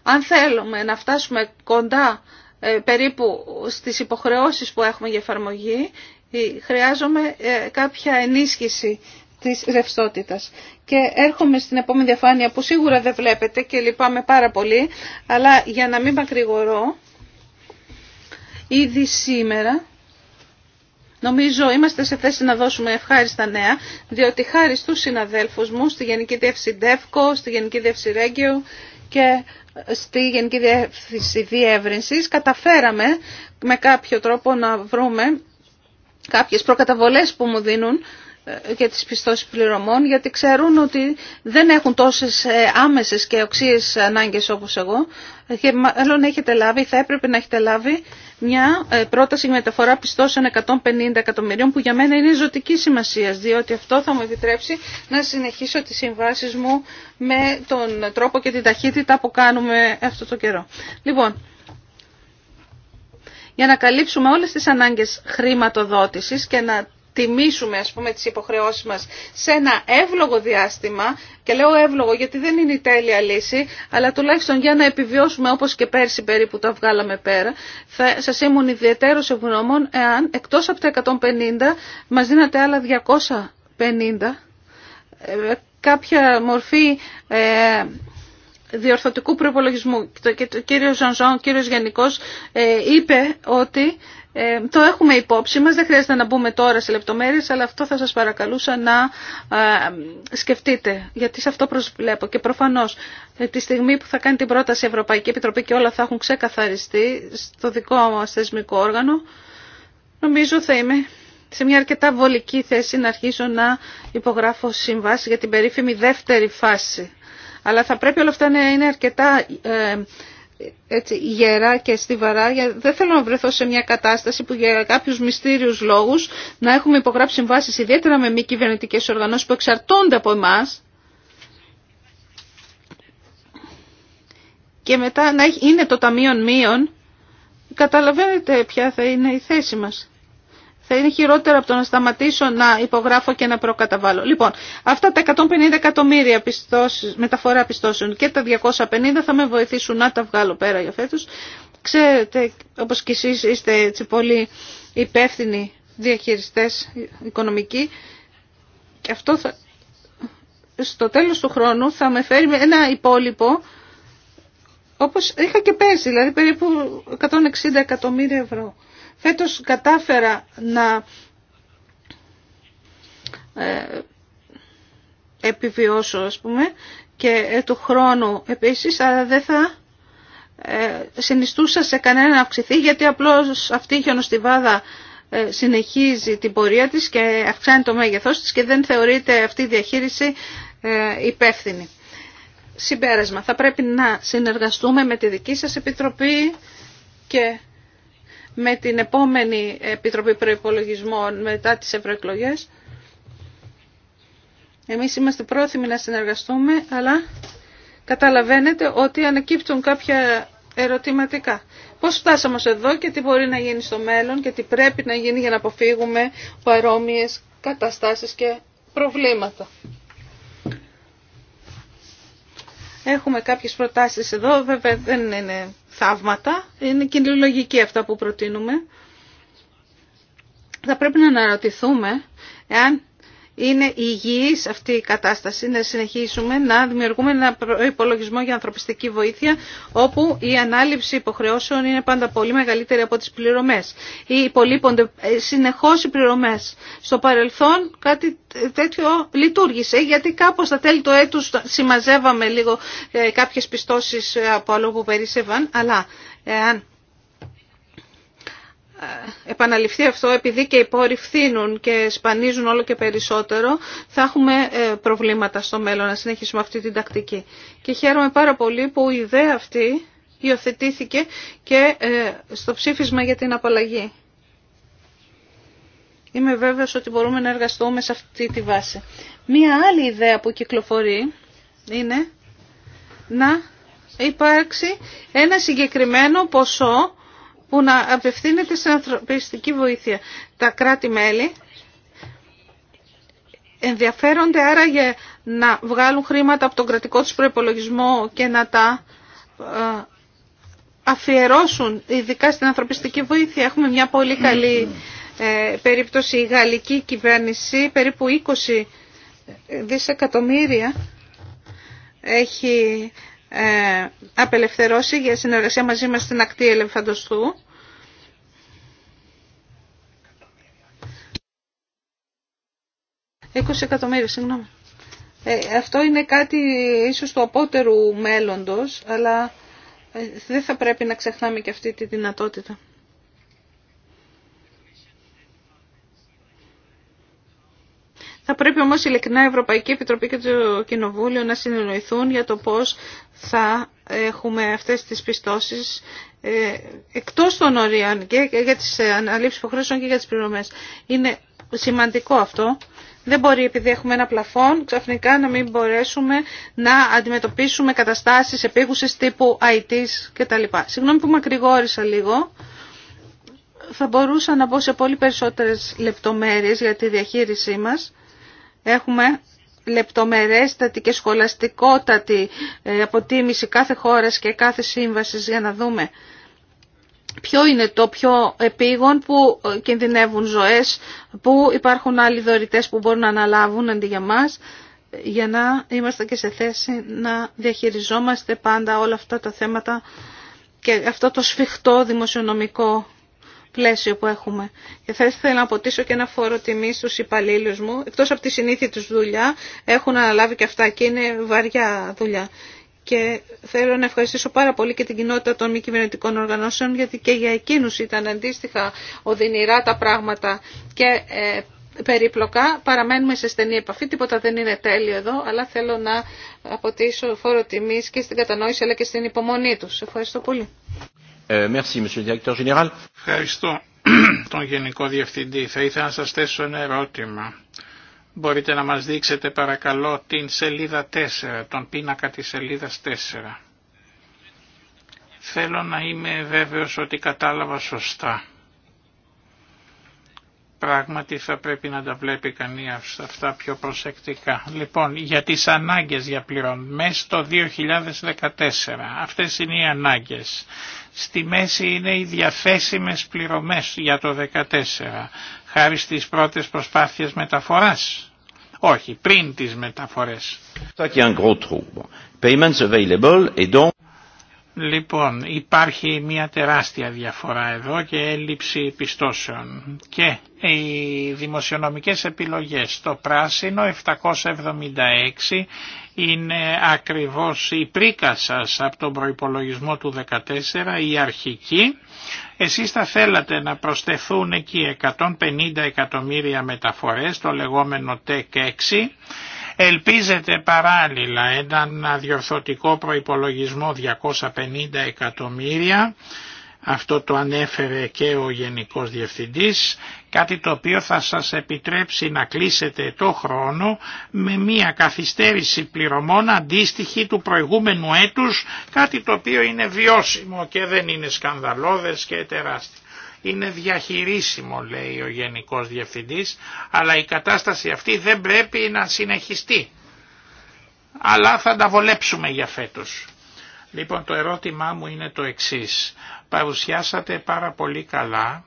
αν θέλουμε να φτάσουμε κοντά ε, περίπου στις υποχρεώσεις που έχουμε για εφαρμογή ε, χρειάζομαι ε, κάποια ενίσχυση της ρευστότητας. Και έρχομαι στην επόμενη διαφάνεια που σίγουρα δεν βλέπετε και λυπάμαι πάρα πολύ, αλλά για να μην μακρηγορώ, ήδη σήμερα Νομίζω είμαστε σε θέση να δώσουμε ευχάριστα νέα, διότι χάρη στους συναδέλφους μου, στη Γενική Διεύθυνση ΔΕΦΚΟ, στη Γενική Διεύθυνση Ρέγγιο και στη Γενική Διεύθυνση Διεύρυνσης καταφέραμε με κάποιο τρόπο να βρούμε κάποιες προκαταβολές που μου δίνουν για ε, τις πιστώσεις πληρωμών γιατί ξέρουν ότι δεν έχουν τόσες ε, άμεσες και οξύες ανάγκες όπως εγώ και μάλλον έχετε λάβει, θα έπρεπε να έχετε λάβει μια ε, πρόταση μεταφορά πιστώσεων 150 εκατομμυρίων που για μένα είναι ζωτική σημασία, διότι αυτό θα μου επιτρέψει να συνεχίσω τις συμβάσεις μου με τον τρόπο και την ταχύτητα που κάνουμε αυτό το καιρό. Λοιπόν, για να καλύψουμε όλες τις ανάγκες χρηματοδότησης και να τιμήσουμε ας πούμε τις υποχρεώσεις μας σε ένα εύλογο διάστημα και λέω εύλογο γιατί δεν είναι η τέλεια λύση αλλά τουλάχιστον για να επιβιώσουμε όπως και πέρσι περίπου τα βγάλαμε πέρα θα σας ήμουν ιδιαίτερος ευγνώμων εάν εκτός από τα 150 μας δίνατε άλλα 250 ε, κάποια μορφή ε, διορθωτικού προπολογισμού. Και ο κύριο Ζανζόν, ο κύριος Γενικός, ε, είπε ότι ε, το έχουμε υπόψη μας, δεν χρειάζεται να μπούμε τώρα σε λεπτομέρειες, αλλά αυτό θα σας παρακαλούσα να ε, σκεφτείτε, γιατί σε αυτό προσβλέπω. Και προφανώς, ε, τη στιγμή που θα κάνει την πρόταση η Ευρωπαϊκή Επιτροπή και όλα θα έχουν ξεκαθαριστεί στο δικό μας θεσμικό όργανο, νομίζω θα είμαι σε μια αρκετά βολική θέση να αρχίσω να υπογράφω συμβάσει για την περίφημη δεύτερη φάση. Αλλά θα πρέπει όλα αυτά να είναι αρκετά έτσι, γερά και στιβαρά. Δεν θέλω να βρεθώ σε μια κατάσταση που για κάποιου μυστήριους λόγους να έχουμε υπογράψει συμβάσει, ιδιαίτερα με μη κυβερνητικέ οργανώσει που εξαρτώνται από εμάς και μετά να είναι το ταμείον μείον. Καταλαβαίνετε ποια θα είναι η θέση μας θα είναι χειρότερα από το να σταματήσω να υπογράφω και να προκαταβάλω. Λοιπόν, αυτά τα 150 εκατομμύρια πιστώσεις, μεταφορά πιστώσεων και τα 250 θα με βοηθήσουν να τα βγάλω πέρα για φέτος. Ξέρετε, όπως και εσείς είστε έτσι πολύ υπεύθυνοι διαχειριστές οικονομικοί, και αυτό θα, στο τέλος του χρόνου θα με φέρει ένα υπόλοιπο όπως είχα και πέρσι, δηλαδή περίπου 160 εκατομμύρια ευρώ. Φέτος κατάφερα να ε, επιβιώσω ας πούμε και ε, του χρόνου επίσης αλλά δεν θα ε, συνιστούσα σε κανένα να αυξηθεί γιατί απλώς αυτή η χιονοστιβάδα συνεχίζει την πορεία της και αυξάνει το μέγεθός της και δεν θεωρείται αυτή η διαχείριση υπεύθυνη. Συμπέρασμα, θα πρέπει να συνεργαστούμε με τη δική σας Επιτροπή και με την επόμενη Επιτροπή Προϋπολογισμών μετά τις ευρωεκλογέ. Εμείς είμαστε πρόθυμοι να συνεργαστούμε, αλλά καταλαβαίνετε ότι ανακύπτουν κάποια ερωτηματικά. Πώς φτάσαμε εδώ και τι μπορεί να γίνει στο μέλλον και τι πρέπει να γίνει για να αποφύγουμε παρόμοιες καταστάσεις και προβλήματα. Έχουμε κάποιες προτάσεις εδώ, βέβαια δεν είναι θαύματα, είναι λογική αυτά που προτείνουμε. Θα πρέπει να αναρωτηθούμε εάν είναι υγιής αυτή η κατάσταση, να συνεχίσουμε να δημιουργούμε ένα υπολογισμό για ανθρωπιστική βοήθεια, όπου η ανάληψη υποχρεώσεων είναι πάντα πολύ μεγαλύτερη από τις πληρωμές. Ή υπολείπονται ε, συνεχώς οι πληρωμές. Στο παρελθόν κάτι τέτοιο λειτουργήσε, γιατί κάπως στα τέλη του έτους συμμαζεύαμε λίγο ε, κάποιες πιστώσεις ε, από αλλού που περίσευαν, αλλά εάν επαναληφθεί αυτό επειδή και οι πόροι φθήνουν και σπανίζουν όλο και περισσότερο θα έχουμε ε, προβλήματα στο μέλλον να συνεχίσουμε αυτή την τακτική. Και χαίρομαι πάρα πολύ που η ιδέα αυτή υιοθετήθηκε και ε, στο ψήφισμα για την απαλλαγή. Είμαι βέβαιος ότι μπορούμε να εργαστούμε σε αυτή τη βάση. Μία άλλη ιδέα που κυκλοφορεί είναι να υπάρξει ένα συγκεκριμένο ποσό που να απευθύνεται σε ανθρωπιστική βοήθεια. Τα κράτη-μέλη ενδιαφέρονται άρα για να βγάλουν χρήματα από τον κρατικό τους προπολογισμό και να τα ε, αφιερώσουν ειδικά στην ανθρωπιστική βοήθεια. Έχουμε μια πολύ καλή ε, περίπτωση η γαλλική κυβέρνηση, περίπου 20 δισεκατομμύρια έχει ε, απελευθερώσει για συνεργασία μαζί μας στην ακτή Ελεφαντοστού. εκατομμύρια, συγγνώμη. Ε, αυτό είναι κάτι ίσως του απότερου μέλλοντος, αλλά ε, δεν θα πρέπει να ξεχνάμε και αυτή τη δυνατότητα. Θα πρέπει όμως ειλικρινά η Ευρωπαϊκή Επιτροπή και το Κοινοβούλιο να συνεννοηθούν για το πώς θα έχουμε αυτές τις πιστώσεις ε, εκτός των ορίων και για τις αναλήψεις υποχρεώσεων και για τις πληρωμές. Είναι σημαντικό αυτό. Δεν μπορεί επειδή έχουμε ένα πλαφόν ξαφνικά να μην μπορέσουμε να αντιμετωπίσουμε καταστάσεις επίγουσες τύπου IT κτλ. Συγγνώμη που μακρηγόρησα λίγο. Θα μπορούσα να μπω σε πολύ περισσότερες λεπτομέρειες για τη διαχείρισή μας. Έχουμε λεπτομερέστατη και σχολαστικότατη ε, αποτίμηση κάθε χώρας και κάθε σύμβασης για να δούμε ποιο είναι το πιο επίγον που ε, κινδυνεύουν ζωές, που υπάρχουν άλλοι δωρητές που μπορούν να αναλάβουν αντί για μας, για να είμαστε και σε θέση να διαχειριζόμαστε πάντα όλα αυτά τα θέματα και αυτό το σφιχτό δημοσιονομικό πλαίσιο που έχουμε. Και θα ήθελα να αποτίσω και ένα φόρο τιμή στους υπαλλήλους μου. Εκτός από τη συνήθεια τους δουλειά, έχουν αναλάβει και αυτά και είναι βαριά δουλειά. Και θέλω να ευχαριστήσω πάρα πολύ και την κοινότητα των μη κυβερνητικών οργανώσεων, γιατί και για εκείνους ήταν αντίστοιχα οδυνηρά τα πράγματα και ε, περίπλοκα. Παραμένουμε σε στενή επαφή, τίποτα δεν είναι τέλειο εδώ, αλλά θέλω να αποτίσω φόρο τιμής και στην κατανόηση αλλά και στην υπομονή τους. Ευχαριστώ πολύ. Ε, Ευχαριστώ τον Γενικό Διευθυντή. Θα ήθελα να σας θέσω ένα ερώτημα. Μπορείτε να μας δείξετε παρακαλώ την σελίδα 4, τον πίνακα της σελίδας 4. Θέλω να είμαι βέβαιος ότι κατάλαβα σωστά πράγματι θα πρέπει να τα βλέπει κανείς αυτά πιο προσεκτικά. Λοιπόν, για τις ανάγκες για Μέσα το 2014. Αυτές είναι οι ανάγκες. Στη μέση είναι οι διαθέσιμες πληρωμές για το 2014, χάρη στις πρώτες προσπάθειες μεταφοράς. Όχι, πριν τις μεταφορές. Λοιπόν, υπάρχει μια τεράστια διαφορά εδώ και έλλειψη πιστώσεων. Και οι δημοσιονομικές επιλογές. Το πράσινο 776 είναι ακριβώς η πρίκα σας από τον προϋπολογισμό του 14, η αρχική. Εσείς θα θέλατε να προσθεθούν εκεί 150 εκατομμύρια μεταφορές, το λεγόμενο TEC 6, Ελπίζεται παράλληλα έναν διορθωτικό προϋπολογισμό 250 εκατομμύρια, αυτό το ανέφερε και ο Γενικός Διευθυντής, κάτι το οποίο θα σας επιτρέψει να κλείσετε το χρόνο με μια καθυστέρηση πληρωμών αντίστοιχη του προηγούμενου έτους, κάτι το οποίο είναι βιώσιμο και δεν είναι σκανδαλώδες και τεράστιο είναι διαχειρίσιμο λέει ο Γενικός Διευθυντής αλλά η κατάσταση αυτή δεν πρέπει να συνεχιστεί. Αλλά θα τα βολέψουμε για φέτος. Λοιπόν το ερώτημά μου είναι το εξής. Παρουσιάσατε πάρα πολύ καλά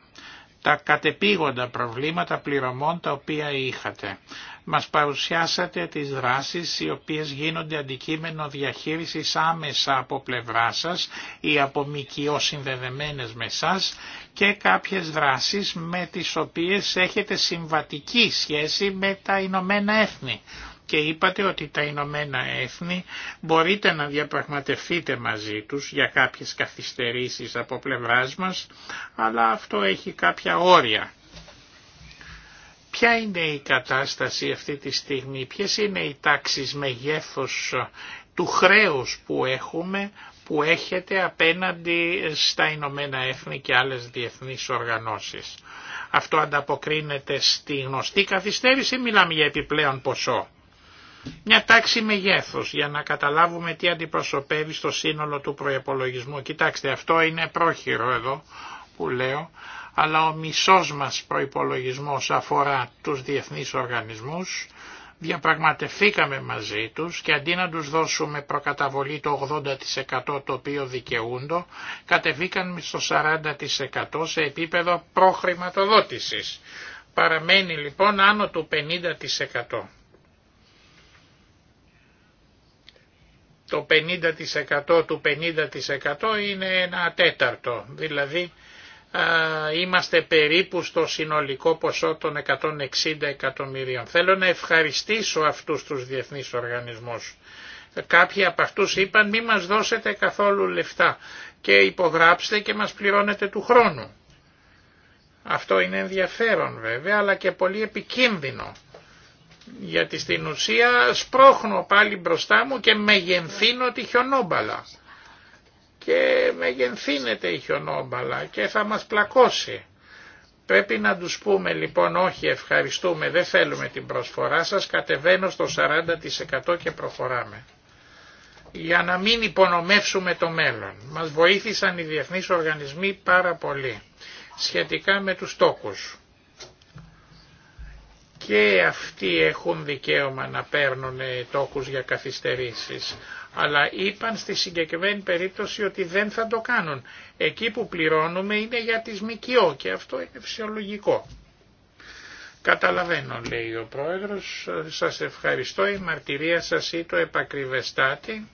τα κατεπήγοντα προβλήματα πληρωμών τα οποία είχατε. Μας παρουσιάσατε τις δράσεις οι οποίες γίνονται αντικείμενο διαχείρισης άμεσα από πλευρά σας ή από μικιό συνδεδεμένες με σας και κάποιες δράσεις με τις οποίες έχετε συμβατική σχέση με τα Ηνωμένα Έθνη και είπατε ότι τα Ηνωμένα Έθνη μπορείτε να διαπραγματευτείτε μαζί τους για κάποιες καθυστερήσεις από πλευράς μας, αλλά αυτό έχει κάποια όρια. Ποια είναι η κατάσταση αυτή τη στιγμή, ποιες είναι οι τάξεις μεγέθους του χρέους που έχουμε, που έχετε απέναντι στα Ηνωμένα Έθνη και άλλες διεθνείς οργανώσεις. Αυτό ανταποκρίνεται στη γνωστή καθυστέρηση, μιλάμε για επιπλέον ποσό. Μια τάξη μεγέθους για να καταλάβουμε τι αντιπροσωπεύει στο σύνολο του προϋπολογισμού. Κοιτάξτε, αυτό είναι πρόχειρο εδώ που λέω, αλλά ο μισός μας προϋπολογισμός αφορά τους διεθνείς οργανισμούς, διαπραγματευθήκαμε μαζί τους και αντί να τους δώσουμε προκαταβολή το 80% το οποίο δικαιούντο, κατεβήκαν στο 40% σε επίπεδο προχρηματοδότησης. Παραμένει λοιπόν άνω του 50%. το 50% του 50% είναι ένα τέταρτο, δηλαδή είμαστε περίπου στο συνολικό ποσό των 160 εκατομμυρίων. Θέλω να ευχαριστήσω αυτούς τους διεθνείς οργανισμούς. Κάποιοι από αυτούς είπαν μη μας δώσετε καθόλου λεφτά και υπογράψτε και μας πληρώνετε του χρόνου. Αυτό είναι ενδιαφέρον βέβαια αλλά και πολύ επικίνδυνο γιατί στην ουσία σπρώχνω πάλι μπροστά μου και μεγενθύνω τη χιονόμπαλα. Και μεγενθύνεται η χιονόμπαλα και θα μας πλακώσει. Πρέπει να τους πούμε λοιπόν όχι ευχαριστούμε, δεν θέλουμε την προσφορά σας, κατεβαίνω στο 40% και προχωράμε. Για να μην υπονομεύσουμε το μέλλον. Μας βοήθησαν οι διεθνείς οργανισμοί πάρα πολύ σχετικά με τους τόκους και αυτοί έχουν δικαίωμα να παίρνουν τόκους για καθυστερήσεις. Αλλά είπαν στη συγκεκριμένη περίπτωση ότι δεν θα το κάνουν. Εκεί που πληρώνουμε είναι για τις ΜΚΟ και αυτό είναι φυσιολογικό. Καταλαβαίνω λέει ο Πρόεδρος, σας ευχαριστώ, η μαρτυρία σας ή το επακριβεστάτη.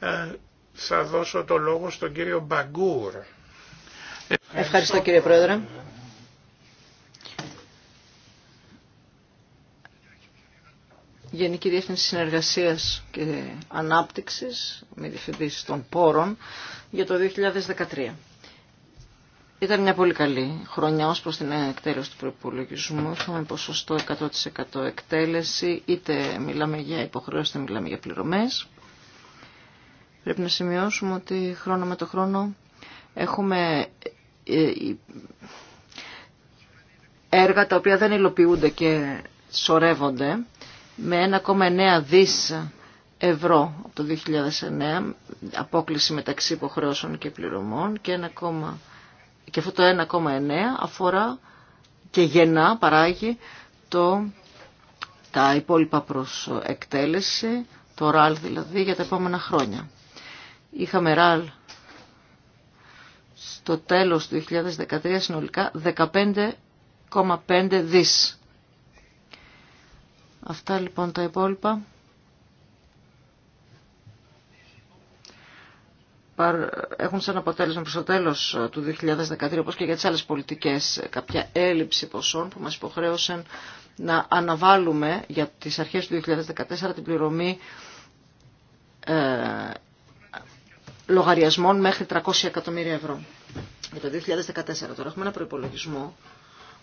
Ε, θα δώσω το λόγο στον κύριο Μπαγκούρ. ευχαριστώ κύριε Πρόεδρε. Γενική Διεύθυνση Συνεργασίας και Ανάπτυξης με Διευθυντής των πόρων για το 2013. Ήταν μια πολύ καλή χρονιά ως προς την εκτέλεση του προϋπολογισμού. Είχαμε ποσοστό 100% εκτέλεση, είτε μιλάμε για υποχρέωση, είτε μιλάμε για πληρωμές. Πρέπει να σημειώσουμε ότι χρόνο με το χρόνο έχουμε ε, ε, έργα τα οποία δεν υλοποιούνται και σωρεύονται με 1,9 δις ευρώ από το 2009, απόκληση μεταξύ υποχρεώσεων και πληρωμών και, 1, και αυτό το 1,9 αφορά και γεννά παράγει το, τα υπόλοιπα προς εκτέλεση, το ραλ δηλαδή για τα επόμενα χρόνια. Είχαμε ραλ στο τέλος του 2013 συνολικά 15,5 δις Αυτά λοιπόν τα υπόλοιπα. έχουν σαν αποτέλεσμα προς το τέλος ε, του 2013, όπως και για τις άλλες πολιτικές, ε, κάποια έλλειψη ποσών που μας υποχρέωσαν να αναβάλουμε για τις αρχές του 2014 την πληρωμή ε, λογαριασμών μέχρι 300 εκατομμύρια ευρώ. Για το 2014 τώρα έχουμε ένα προϋπολογισμό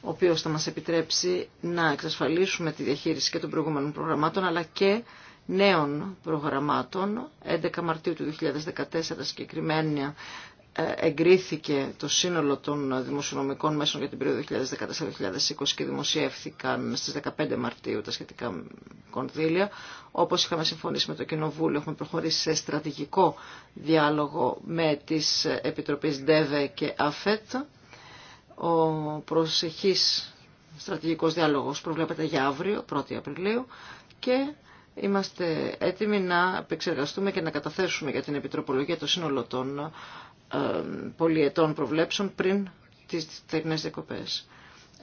ο οποίος θα μας επιτρέψει να εξασφαλίσουμε τη διαχείριση και των προηγούμενων προγραμμάτων, αλλά και νέων προγραμμάτων. 11 Μαρτίου του 2014 συγκεκριμένα ε, εγκρίθηκε το σύνολο των δημοσιονομικών μέσων για την περίοδο 2014-2020 και δημοσιεύθηκαν στις 15 Μαρτίου τα σχετικά κονδύλια. Όπως είχαμε συμφωνήσει με το Κοινοβούλιο, έχουμε προχωρήσει σε στρατηγικό διάλογο με τις Επιτροπές ΔΕΒΕ και ΑΦΕΤ ο προσεχής στρατηγικός διάλογος προβλέπεται για αύριο, 1η Απριλίου και είμαστε έτοιμοι να επεξεργαστούμε και να καταθέσουμε για την Επιτροπολογία το σύνολο των πολιετών προβλέψεων πριν τις τεχνές διακοπές.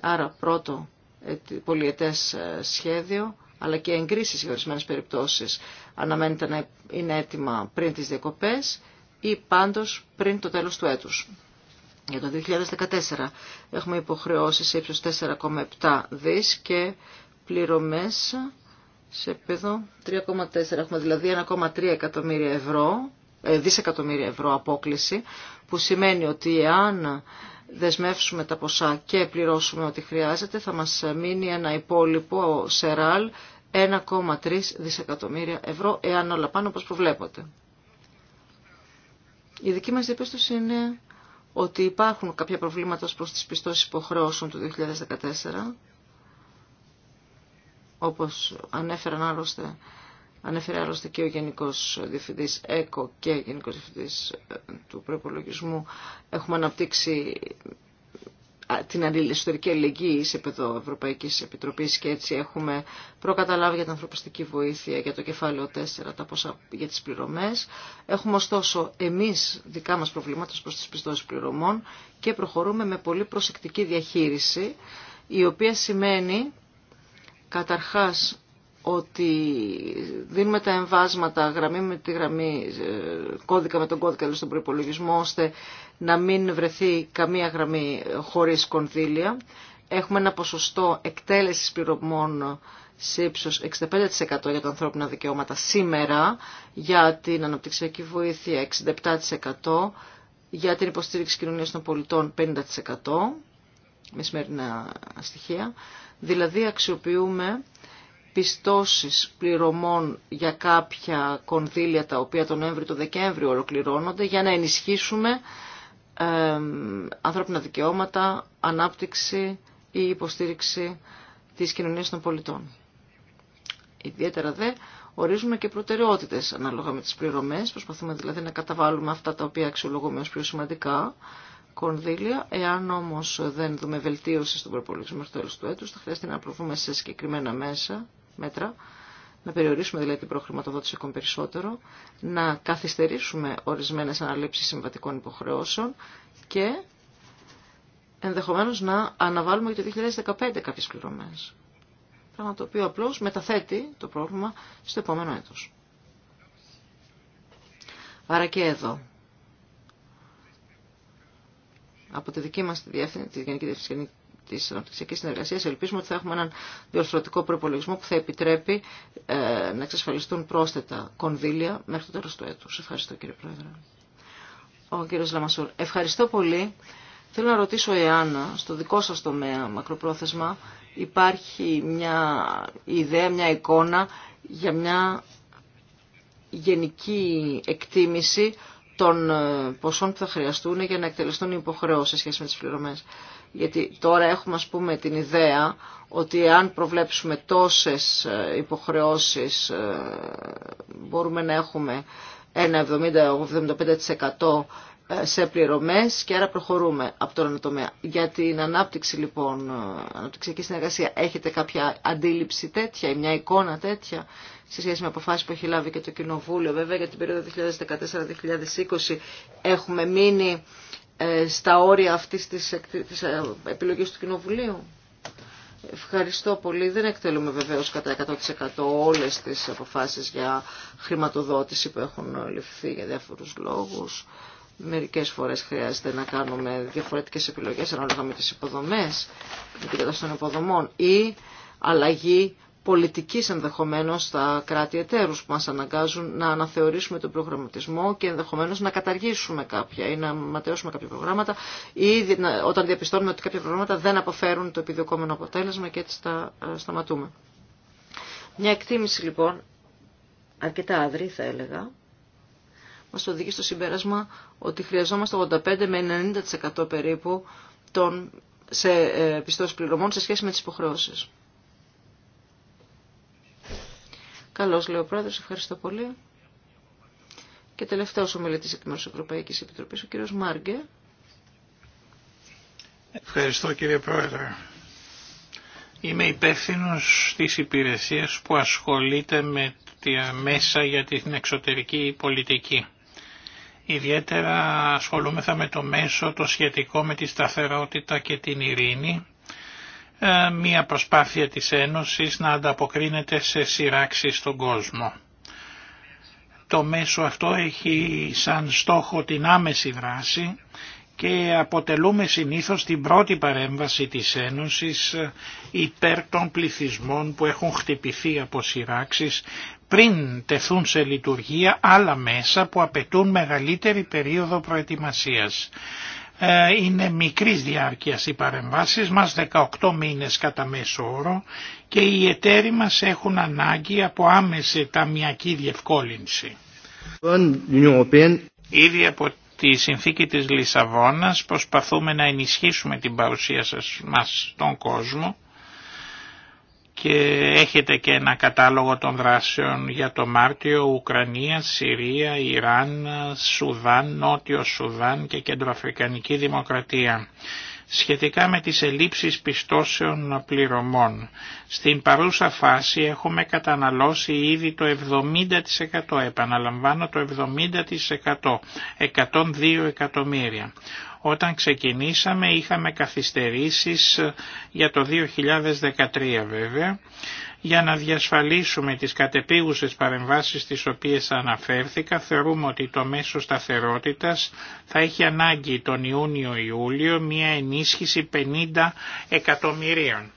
Άρα πρώτο ε, πολιετές ε, σχέδιο αλλά και εγκρίσεις για ορισμένες περιπτώσεις αναμένεται να είναι έτοιμα πριν τις διακοπές ή πάντως πριν το τέλος του έτους. Για το 2014 έχουμε υποχρεώσει σε ύψος 4,7 δις και πληρωμές σε επίπεδο 3,4. Έχουμε δηλαδή 1,3 εκατομμύρια ευρώ, ε, δισεκατομμύρια ευρώ απόκληση, που σημαίνει ότι εάν δεσμεύσουμε τα ποσά και πληρώσουμε ό,τι χρειάζεται, θα μας μείνει ένα υπόλοιπο ραλ 1,3 δισεκατομμύρια ευρώ, εάν όλα πάνω όπως προβλέπονται. Η δική μας διαπίστωση είναι ότι υπάρχουν κάποια προβλήματα ως προς τις πιστώσεις υποχρεώσεων του 2014, όπως ανέφεραν άλλωστε, ανέφερε άλλωστε και ο Γενικός Διευθυντής ΕΚΟ και ο Γενικός Διευθυντής ε, του Προϋπολογισμού, έχουμε αναπτύξει την ιστορική αλληλεγγύη σε επίπεδο Ευρωπαϊκής και έτσι έχουμε προκαταλάβει για την ανθρωπιστική βοήθεια, για το κεφάλαιο 4, τα πόσα για τις πληρωμές. Έχουμε ωστόσο εμείς δικά μας προβλήματα προ τι πιστώσει πληρωμών και προχωρούμε με πολύ προσεκτική διαχείριση, η οποία σημαίνει καταρχά ότι δίνουμε τα εμβάσματα γραμμή με τη γραμμή, ε, κώδικα με τον κώδικα στον προπολογισμό, ώστε να μην βρεθεί καμία γραμμή χωρίς κονδύλια. Έχουμε ένα ποσοστό εκτέλεσης πληρωμών σε ύψος 65% για τα ανθρώπινα δικαιώματα σήμερα, για την αναπτυξιακή βοήθεια 67%, για την υποστήριξη κοινωνίας των πολιτών 50%, με σημερινά στοιχεία. Δηλαδή αξιοποιούμε πιστώσεις πληρωμών για κάποια κονδύλια τα οποία τον Νοέμβρη το Δεκέμβριο ολοκληρώνονται για να ενισχύσουμε ε, ανθρώπινα δικαιώματα, ανάπτυξη ή υποστήριξη της κοινωνίας των πολιτών. Ιδιαίτερα δε ορίζουμε και προτεραιότητες ανάλογα με τις πληρωμές, προσπαθούμε δηλαδή να καταβάλουμε αυτά τα οποία αξιολογούμε ως πιο σημαντικά κονδύλια. Εάν όμως δεν δούμε βελτίωση στον προπολογισμό μέχρι του έτους, θα χρειαστεί να προβούμε σε συγκεκριμένα μέσα μέτρα, να περιορίσουμε δηλαδή την προχρηματοδότηση ακόμη περισσότερο, να καθυστερήσουμε ορισμένες αναλήψεις συμβατικών υποχρεώσεων και ενδεχομένως να αναβάλουμε για το 2015 κάποιες πληρωμές. Πράγμα το οποίο απλώς μεταθέτει το πρόβλημα στο επόμενο έτος. Άρα και εδώ. Από τη δική μας τη διεύθυνση, τη Γενική τη αναπτυξιακή συνεργασία. Ελπίζουμε ότι θα έχουμε έναν διορθωτικό προπολογισμό που θα επιτρέπει ε, να εξασφαλιστούν πρόσθετα κονδύλια μέχρι το τέλο του έτου. Ευχαριστώ κύριε Πρόεδρε. Ο κύριο Λαμασούρ. Ευχαριστώ πολύ. Θέλω να ρωτήσω εάν στο δικό σας τομέα μακροπρόθεσμα υπάρχει μια ιδέα, μια εικόνα για μια γενική εκτίμηση των ε, ποσών που θα χρειαστούν για να εκτελεστούν οι υποχρεώσεις σχέση με τις πληρωμές γιατί τώρα έχουμε ας πούμε την ιδέα ότι αν προβλέψουμε τόσες ε, υποχρεώσεις ε, μπορούμε να έχουμε ένα 70-75% ε, σε πληρωμές και άρα προχωρούμε από τον ένα τομέα. Για την ανάπτυξη λοιπόν, αναπτυξιακή συνεργασία, έχετε κάποια αντίληψη τέτοια ή μια εικόνα τέτοια σε σχέση με αποφάσεις που έχει λάβει και το Κοινοβούλιο. Βέβαια για την περίοδο 2014-2020 έχουμε μείνει ε, στα όρια αυτής της, της ε, επιλογής του Κοινοβουλίου. Ευχαριστώ πολύ. Δεν εκτελούμε βεβαίως κατά 100% όλες τις αποφάσεις για χρηματοδότηση που έχουν ληφθεί για διάφορους λόγους. Μερικές φορές χρειάζεται να κάνουμε διαφορετικές επιλογές ανάλογα με τις υποδομές, με την κατάσταση των υποδομών ή αλλαγή πολιτικής ενδεχομένως στα κράτη εταίρους που μας αναγκάζουν να αναθεωρήσουμε τον προγραμματισμό και ενδεχομένως να καταργήσουμε κάποια ή να ματαιώσουμε κάποια προγράμματα ή όταν διαπιστώνουμε ότι κάποια προγράμματα δεν αποφέρουν το επιδιωκόμενο αποτέλεσμα και έτσι τα ε, σταματούμε. Μια εκτίμηση λοιπόν, αρκετά αδρή θα έλεγα, μας οδηγεί στο συμπέρασμα ότι χρειαζόμαστε 85 με 90% περίπου των σε ε, πιστώσεις πληρωμών σε σχέση με τις υποχρεώσεις. Καλώς λέω πρόεδρος, ευχαριστώ πολύ. Και τελευταίος ο μελετής εκ μέρους Ευρωπαϊκής Επιτροπής, ο κύριος Μάργκε. Ευχαριστώ κύριε πρόεδρε. Είμαι υπεύθυνο της υπηρεσίας που ασχολείται με τη μέσα για την εξωτερική πολιτική. Ιδιαίτερα ασχολούμεθα με το μέσο το σχετικό με τη σταθερότητα και την ειρήνη ε, μια προσπάθεια της Ένωσης να ανταποκρίνεται σε σειράξεις στον κόσμο. Το μέσο αυτό έχει σαν στόχο την άμεση δράση και αποτελούμε συνήθως την πρώτη παρέμβαση της Ένωσης ε, υπέρ των πληθυσμών που έχουν χτυπηθεί από σειράξεις πριν τεθούν σε λειτουργία άλλα μέσα που απαιτούν μεγαλύτερη περίοδο προετοιμασίας. Ε, είναι μικρής διάρκειας οι παρεμβάσεις μας, 18 μήνες κατά μέσο όρο και οι εταίροι μας έχουν ανάγκη από άμεση ταμιακή διευκόλυνση. Ήδη από τη συνθήκη της Λισαβόνας προσπαθούμε να ενισχύσουμε την παρουσία σας μας στον κόσμο και έχετε και ένα κατάλογο των δράσεων για το Μάρτιο, Ουκρανία, Συρία, Ιράν, Σουδάν, Νότιο Σουδάν και Κεντροαφρικανική Δημοκρατία. Σχετικά με τις ελλείψεις πιστώσεων πληρωμών, στην παρούσα φάση έχουμε καταναλώσει ήδη το 70%, επαναλαμβάνω το 70%, 102 εκατομμύρια. Όταν ξεκινήσαμε είχαμε καθυστερήσεις ε, για το 2013 βέβαια, για να διασφαλίσουμε τις κατεπίγουσες παρεμβάσεις τις οποίες αναφέρθηκα, θεωρούμε ότι το μέσο σταθερότητας θα έχει ανάγκη τον Ιούνιο-Ιούλιο μια ενίσχυση 50 εκατομμυρίων.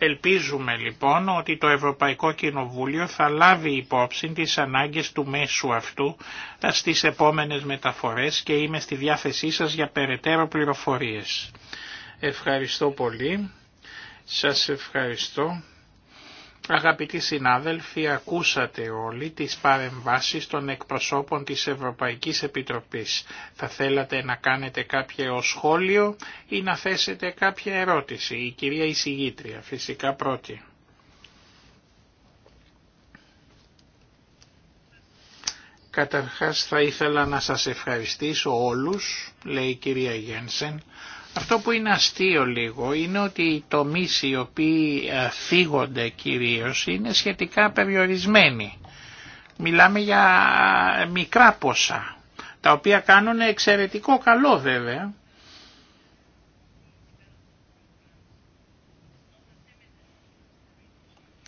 Ελπίζουμε λοιπόν ότι το Ευρωπαϊκό Κοινοβούλιο θα λάβει υπόψη τις ανάγκες του μέσου αυτού ε, στις επόμενες μεταφορές και είμαι στη διάθεσή σας για περαιτέρω πληροφορίες. Ευχαριστώ πολύ. Σας ευχαριστώ. Αγαπητοί συνάδελφοι, ακούσατε όλοι τις παρεμβάσεις των εκπροσώπων της Ευρωπαϊκής Επιτροπής. Θα θέλατε να κάνετε κάποιο σχόλιο ή να θέσετε κάποια ερώτηση. Η κυρία Ισηγήτρια, φυσικά πρώτη. Καταρχάς θα ήθελα να σας ευχαριστήσω όλους, λέει η κυρία Γένσεν, αυτό που είναι αστείο λίγο είναι ότι οι τομείς οι οποίοι φύγονται ε, κυρίως είναι σχετικά περιορισμένοι. Μιλάμε για ε, μικρά ποσά, τα οποία κάνουν εξαιρετικό καλό βέβαια,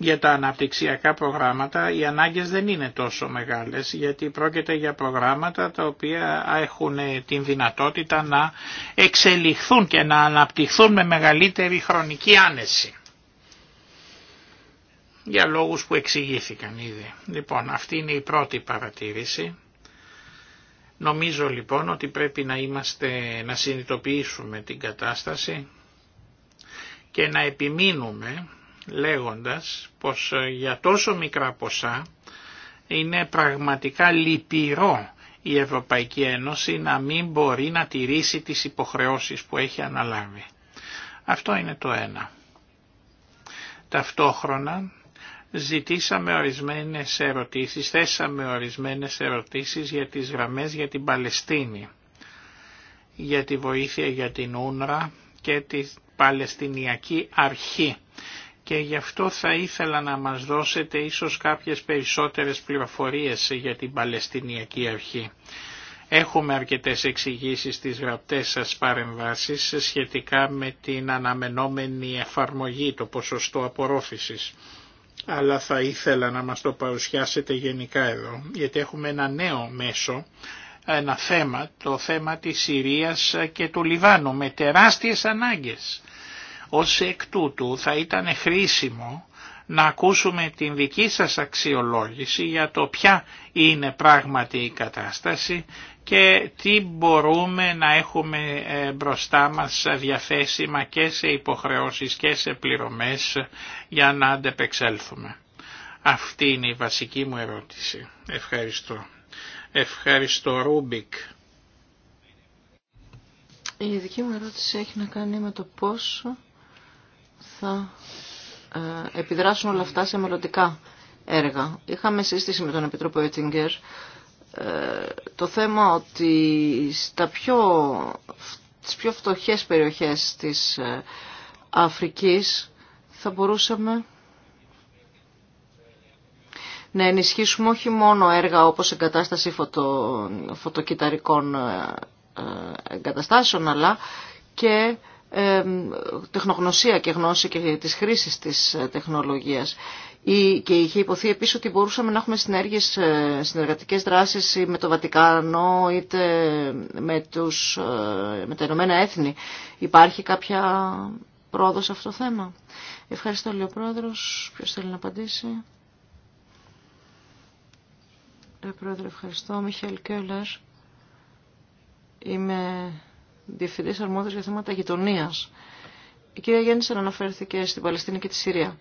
για τα αναπτυξιακά προγράμματα οι ανάγκες δεν είναι τόσο μεγάλες γιατί πρόκειται για προγράμματα τα οποία έχουν ε, την δυνατότητα να εξελιχθούν και να αναπτυχθούν με μεγαλύτερη χρονική άνεση. Για λόγους που εξηγήθηκαν ήδη. Λοιπόν αυτή είναι η πρώτη παρατήρηση. Νομίζω λοιπόν ότι πρέπει να είμαστε, να συνειδητοποιήσουμε την κατάσταση και να επιμείνουμε λέγοντας πως ε, για τόσο μικρά ποσά είναι πραγματικά λυπηρό η Ευρωπαϊκή Ένωση να μην μπορεί να τηρήσει τις υποχρεώσεις που έχει αναλάβει. Αυτό είναι το ένα. Ταυτόχρονα ζητήσαμε ορισμένες ερωτήσεις, θέσαμε ορισμένες ερωτήσεις για τις γραμμές για την Παλαιστίνη, για τη βοήθεια για την Ούνρα και τη Παλαιστινιακή Αρχή και γι' αυτό θα ήθελα να μας δώσετε ίσως κάποιες περισσότερες πληροφορίες για την Παλαιστινιακή Αρχή. Έχουμε αρκετές εξηγήσεις στις γραπτές σας παρεμβάσεις σχετικά με την αναμενόμενη εφαρμογή, το ποσοστό απορρόφησης. Αλλά θα ήθελα να μας το παρουσιάσετε γενικά εδώ, γιατί έχουμε ένα νέο μέσο, ένα θέμα, το θέμα της Συρίας και του Λιβάνου, με τεράστιες ανάγκες ως εκ τούτου θα ήταν χρήσιμο να ακούσουμε την δική σας αξιολόγηση για το ποια είναι πράγματι η κατάσταση και τι μπορούμε να έχουμε ε, μπροστά μας διαθέσιμα και σε υποχρεώσεις και σε πληρωμές για να αντεπεξέλθουμε. Αυτή είναι η βασική μου ερώτηση. Ευχαριστώ. Ευχαριστώ Ρούμπικ. Η δική μου ερώτηση έχει να κάνει με το πόσο θα ε, επιδράσουν όλα αυτά σε μελλοντικά έργα. Είχαμε σύστηση με τον Επιτρόπο Έτιγκερ ε, το θέμα ότι στα πιο, στις πιο φτωχές περιοχές της ε, Αφρικής θα μπορούσαμε να ενισχύσουμε όχι μόνο έργα όπως εγκατάσταση φωτο, φωτοκυταρικών εγκαταστάσεων αλλά και ε, τεχνογνωσία και γνώση και της χρήσης της ε, τεχνολογίας. Και είχε υποθεί επίσης ότι μπορούσαμε να έχουμε συνέργειες, ε, συνεργατικές δράσεις με το Βατικανό είτε με, τους, με τα Ηνωμένα Έθνη. Υπάρχει κάποια πρόοδο σε αυτό το θέμα. Ευχαριστώ, λέει ο Πρόεδρος. Ποιος θέλει να απαντήσει. Ε, ευχαριστώ. Μιχαήλ Κέλλερ. Είμαι Διευθυντή αρμόδιο για θέματα γειτονία. Η κυρία Γέννησεν αναφέρθηκε στην Παλαιστίνη και τη Συρία.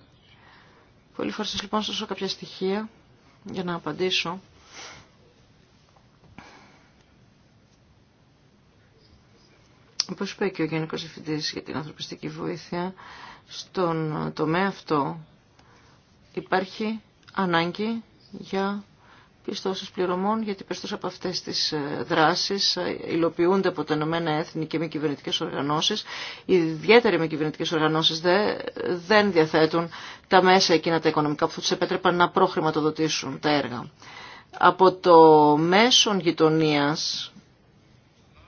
Πολύ φορέ λοιπόν σα δώσω κάποια στοιχεία για να απαντήσω. Όπω είπε και ο Γενικό Διευθυντή για την ανθρωπιστική βοήθεια, στον τομέα αυτό υπάρχει ανάγκη για πιστώσεις πληρωμών, γιατί περισσότερες από αυτές τις ε, δράσεις ε, υλοποιούνται από τα Ηνωμένα Έθνη και μη κυβερνητικές οργανώσεις. Οι ιδιαίτεροι μη κυβερνητικές οργανώσεις δεν διαθέτουν τα μέσα εκείνα τα οικονομικά που θα τους επέτρεπαν να προχρηματοδοτήσουν τα έργα. Από το μέσον γειτονία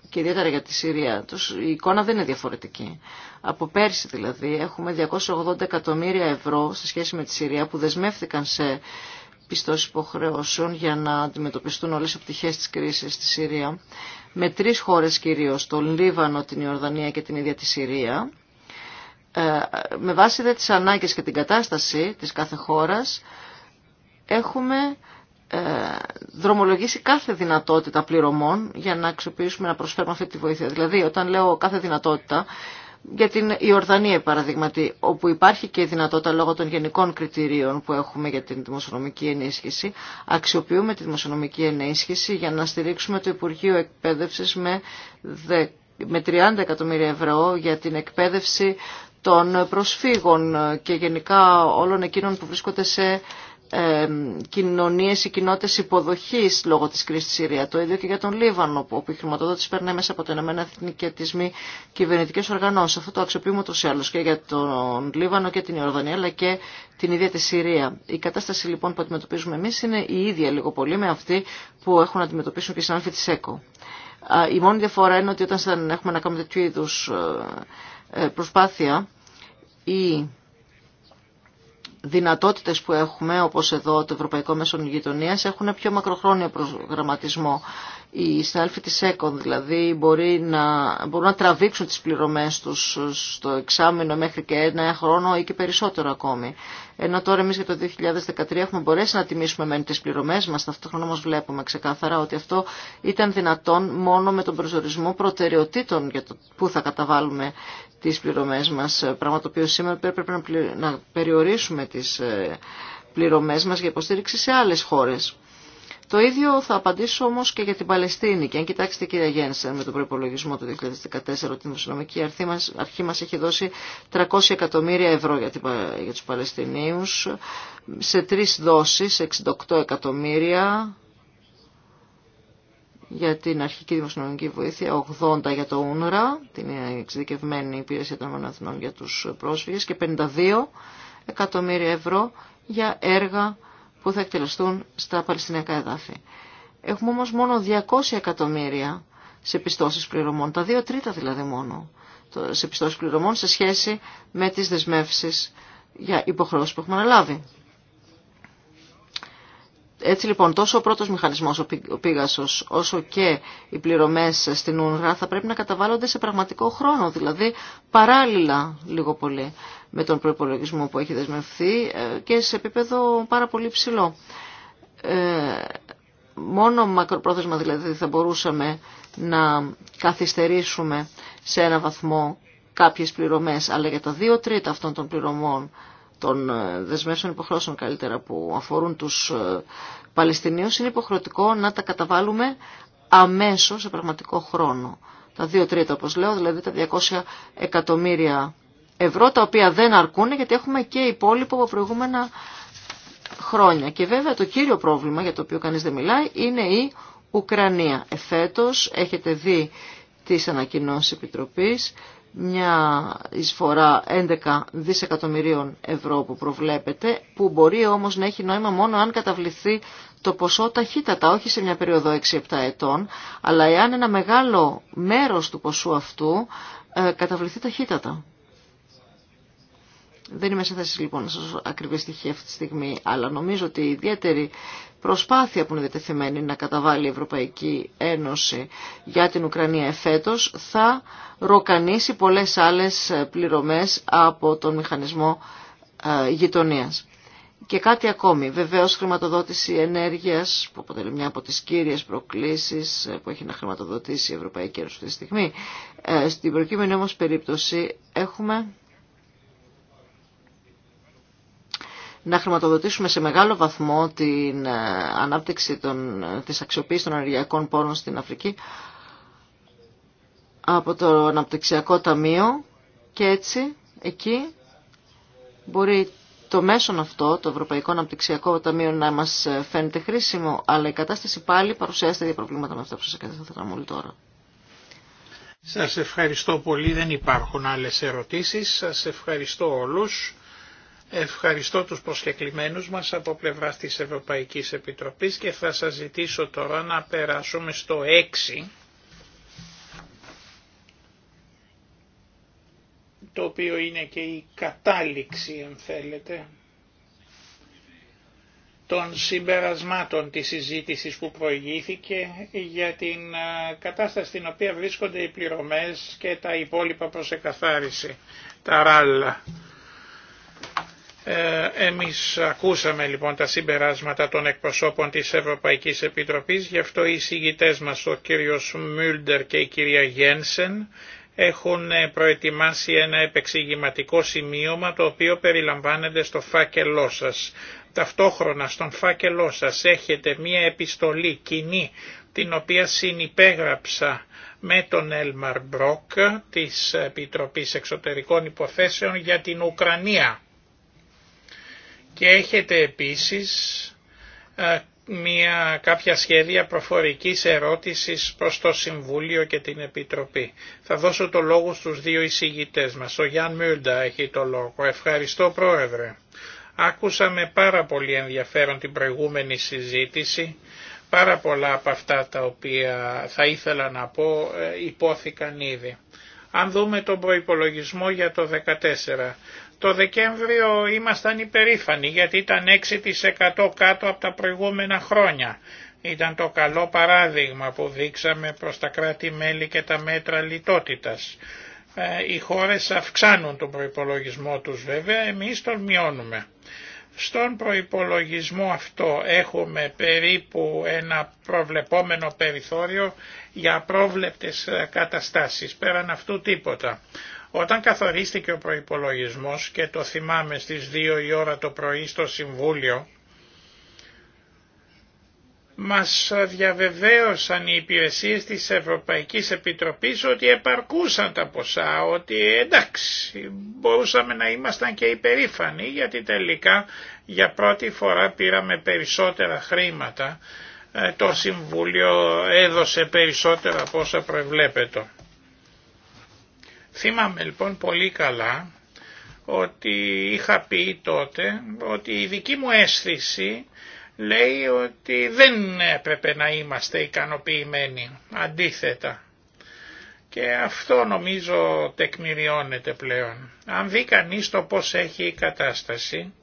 και ιδιαίτερα για τη Συρία, η εικόνα δεν είναι διαφορετική. Από πέρσι δηλαδή έχουμε 280 εκατομμύρια ευρώ σε σχέση με τη Συρία που δεσμεύτηκαν σε πιστώσει υποχρεώσεων για να αντιμετωπιστούν όλες οι πτυχέ της κρίσης στη Συρία με τρεις χώρες κυρίως, τον Λίβανο, την Ιορδανία και την ίδια τη Συρία ε, με βάση δε τις ανάγκες και την κατάσταση της κάθε χώρας έχουμε ε, δρομολογήσει κάθε δυνατότητα πληρωμών για να αξιοποιήσουμε να προσφέρουμε αυτή τη βοήθεια. Δηλαδή, όταν λέω κάθε δυνατότητα, για την Ιορδανία παραδείγματι, όπου υπάρχει και η δυνατότητα λόγω των γενικών κριτηρίων που έχουμε για την δημοσιονομική ενίσχυση, αξιοποιούμε τη δημοσιονομική ενίσχυση για να στηρίξουμε το Υπουργείο Εκπαίδευσης με, με 30 εκατομμύρια ευρώ για την εκπαίδευση των προσφύγων και γενικά όλων εκείνων που βρίσκονται σε ε, κοινωνίες ή κοινότητες υποδοχής λόγω της κρίσης στη Συρία. Το ίδιο και για τον Λίβανο, που η χρηματοδότηση παίρνει μέσα από τα ΕΕ και τις μη κυβερνητικές οργανώσεις. Αυτό το αξιοποιούμε ή άλλω και για τον Λίβανο και την Ιορδανία, αλλά και την ίδια τη Συρία. Η κατάσταση λοιπόν που αντιμετωπίζουμε εμείς είναι η ίδια λίγο πολύ με αυτή που έχουν να αντιμετωπίσουν και οι συνάδελφοι της ΕΚΟ. Η μόνη διαφορά είναι ότι όταν έχουμε να κάνουμε τέτοιου είδου ε, ε, προσπάθεια, η δυνατότητες που έχουμε, όπως εδώ το Ευρωπαϊκό Μέσο Γειτονίας, έχουν πιο μακροχρόνιο προγραμματισμό οι συνάδελφοι της ΕΚΟΝ δηλαδή μπορεί να, μπορούν να τραβήξουν τις πληρωμές τους στο εξάμεινο μέχρι και ένα χρόνο ή και περισσότερο ακόμη. Ενώ τώρα εμείς για το 2013 έχουμε μπορέσει να τιμήσουμε μεν τις πληρωμές μας, ταυτόχρονα όμως βλέπουμε ξεκάθαρα ότι αυτό ήταν δυνατόν μόνο με τον προσδορισμό προτεραιοτήτων για το πού θα καταβάλουμε τις πληρωμές μας, πράγμα το οποίο σήμερα πρέπει να, να περιορίσουμε τις ε, πληρωμές μας για υποστήριξη σε άλλες χώρες το ίδιο θα απαντήσω όμως και για την Παλαιστίνη. Και αν κοιτάξετε κύριε Γένσεν με τον προπολογισμό του 2014, ότι η δημοσιονομική αρχή μας, έχει δώσει 300 εκατομμύρια ευρώ για, την, για τους Παλαιστινίους σε τρεις δόσεις, 68 εκατομμύρια για την αρχική δημοσιονομική βοήθεια, 80 για το ΟΝΡΑ, την εξειδικευμένη υπηρεσία των Εθνών για τους πρόσφυγες και 52 εκατομμύρια ευρώ για έργα που θα εκτελεστούν στα Παλαιστινιακά εδάφη. Έχουμε όμως μόνο 200 εκατομμύρια σε πιστώσεις πληρωμών, τα δύο τρίτα δηλαδή μόνο σε πιστώσεις πληρωμών σε σχέση με τις δεσμεύσεις για υποχρεώσεις που έχουμε αναλάβει. Έτσι λοιπόν τόσο ο πρώτος μηχανισμός ο πήγασο, όσο και οι πληρωμές στην ΟΝΡΑ θα πρέπει να καταβάλλονται σε πραγματικό χρόνο, δηλαδή παράλληλα λίγο πολύ με τον προϋπολογισμό που έχει δεσμευθεί ε, και σε επίπεδο πάρα πολύ ψηλό. Ε, μόνο μακροπρόθεσμα δηλαδή θα μπορούσαμε να καθυστερήσουμε σε ένα βαθμό κάποιες πληρωμές, αλλά για τα δύο τρίτα αυτών των πληρωμών των ε, δεσμεύσεων υποχρεώσεων καλύτερα που αφορούν τους ε, Παλαιστινίους είναι υποχρεωτικό να τα καταβάλουμε αμέσως σε πραγματικό χρόνο. Τα δύο τρίτα όπως λέω, δηλαδή τα 200 εκατομμύρια ευρώ τα οποία δεν αρκούν γιατί έχουμε και υπόλοιπο από προηγούμενα χρόνια. Και βέβαια το κύριο πρόβλημα για το οποίο κανείς δεν μιλάει είναι η Ουκρανία. Εφέτος έχετε δει τις ανακοινώσεις Επιτροπής μια εισφορά 11 δισεκατομμυρίων ευρώ που προβλέπεται, που μπορεί όμως να έχει νόημα μόνο αν καταβληθεί το ποσό ταχύτατα, όχι σε μια περίοδο 6-7 ετών, αλλά εάν ένα μεγάλο μέρος του ποσού αυτού ε, καταβληθεί ταχύτατα. Δεν είμαι σε θέση λοιπόν να σας ακριβή στοιχεία αυτή τη στιγμή, αλλά νομίζω ότι η ιδιαίτερη προσπάθεια που είναι διατεθειμένη να καταβάλει η Ευρωπαϊκή Ένωση για την Ουκρανία εφέτος θα ροκανίσει πολλές άλλες πληρωμές από τον μηχανισμό ε, γειτονίας. Και κάτι ακόμη, βεβαίως χρηματοδότηση ενέργειας που αποτελεί μια από τις κύριες προκλήσεις ε, που έχει να χρηματοδοτήσει η Ευρωπαϊκή Ένωση αυτή τη στιγμή. Ε, στην προκείμενη όμως περίπτωση έχουμε να χρηματοδοτήσουμε σε μεγάλο βαθμό την ε, ανάπτυξη των, της αξιοποίησης των ενεργειακών πόρων στην Αφρική από το Αναπτυξιακό Ταμείο και έτσι εκεί μπορεί το μέσον αυτό, το Ευρωπαϊκό Αναπτυξιακό Ταμείο, να μας φαίνεται χρήσιμο, αλλά η κατάσταση πάλι παρουσιάζεται για προβλήματα με αυτά που σας έκανα μόλι τώρα. Σας ευχαριστώ πολύ, δεν υπάρχουν άλλες ερωτήσεις. Σας ευχαριστώ όλους. Ευχαριστώ τους προσκεκλημένους μας από πλευρά της Ευρωπαϊκής Επιτροπής και θα σας ζητήσω τώρα να περάσουμε στο 6, το οποίο είναι και η κατάληξη, αν θέλετε, των συμπερασμάτων της συζήτησης που προηγήθηκε για την κατάσταση στην οποία βρίσκονται οι πληρωμές και τα υπόλοιπα προς εκαθάριση, τα ράλλα. Ε, εμείς ακούσαμε λοιπόν τα συμπεράσματα των εκπροσώπων της Ευρωπαϊκής Επιτροπής, γι' αυτό οι συγητές μας, ο κύριος Μούλντερ και η κυρία Γένσεν, έχουν ε, προετοιμάσει ένα επεξηγηματικό σημείωμα το οποίο περιλαμβάνεται στο φάκελό σας. Ταυτόχρονα στον φάκελό σας έχετε μία επιστολή κοινή την οποία συνυπέγραψα με τον Έλμαρ Μπρόκ της Επιτροπής Εξωτερικών Υποθέσεων για την Ουκρανία και έχετε επίσης μια, κάποια σχέδια προφορικής ερώτησης προς το Συμβούλιο και την Επιτροπή. Θα δώσω το λόγο στους δύο εισηγητές μας. Ο Γιάν Μιούλντα έχει το λόγο. Ευχαριστώ Πρόεδρε. Άκουσα με πάρα πολύ ενδιαφέρον την προηγούμενη συζήτηση. Πάρα πολλά από αυτά τα οποία θα ήθελα να πω ε, υπόθηκαν ήδη. Αν δούμε τον προϋπολογισμό για το 2014, το Δεκέμβριο ήμασταν υπερήφανοι γιατί ήταν 6% κάτω από τα προηγούμενα χρόνια. Ήταν το καλό παράδειγμα που δείξαμε προς τα κράτη-μέλη και τα μέτρα λιτότητας. Ε, οι χώρες αυξάνουν τον προϋπολογισμό τους βέβαια, εμείς τον μειώνουμε. Στον προϋπολογισμό αυτό έχουμε περίπου ένα προβλεπόμενο περιθώριο για πρόβλεπτες ε, καταστάσεις, πέραν αυτού τίποτα. Όταν καθορίστηκε ο προϋπολογισμός και το θυμάμαι στις 2 η ώρα το πρωί στο Συμβούλιο, μας διαβεβαίωσαν οι υπηρεσίες της Ευρωπαϊκής Επιτροπής ότι επαρκούσαν τα ποσά, ότι εντάξει μπορούσαμε να ήμασταν και υπερήφανοι γιατί τελικά για πρώτη φορά πήραμε περισσότερα χρήματα, ε, το Συμβούλιο έδωσε περισσότερα από όσα προβλέπεται. Θυμάμαι λοιπόν πολύ καλά ότι είχα πει τότε ότι η δική μου αίσθηση λέει ότι δεν έπρεπε να είμαστε ικανοποιημένοι, αντίθετα. Και αυτό νομίζω τεκμηριώνεται πλέον. Αν δει κανείς το πώς έχει η κατάσταση,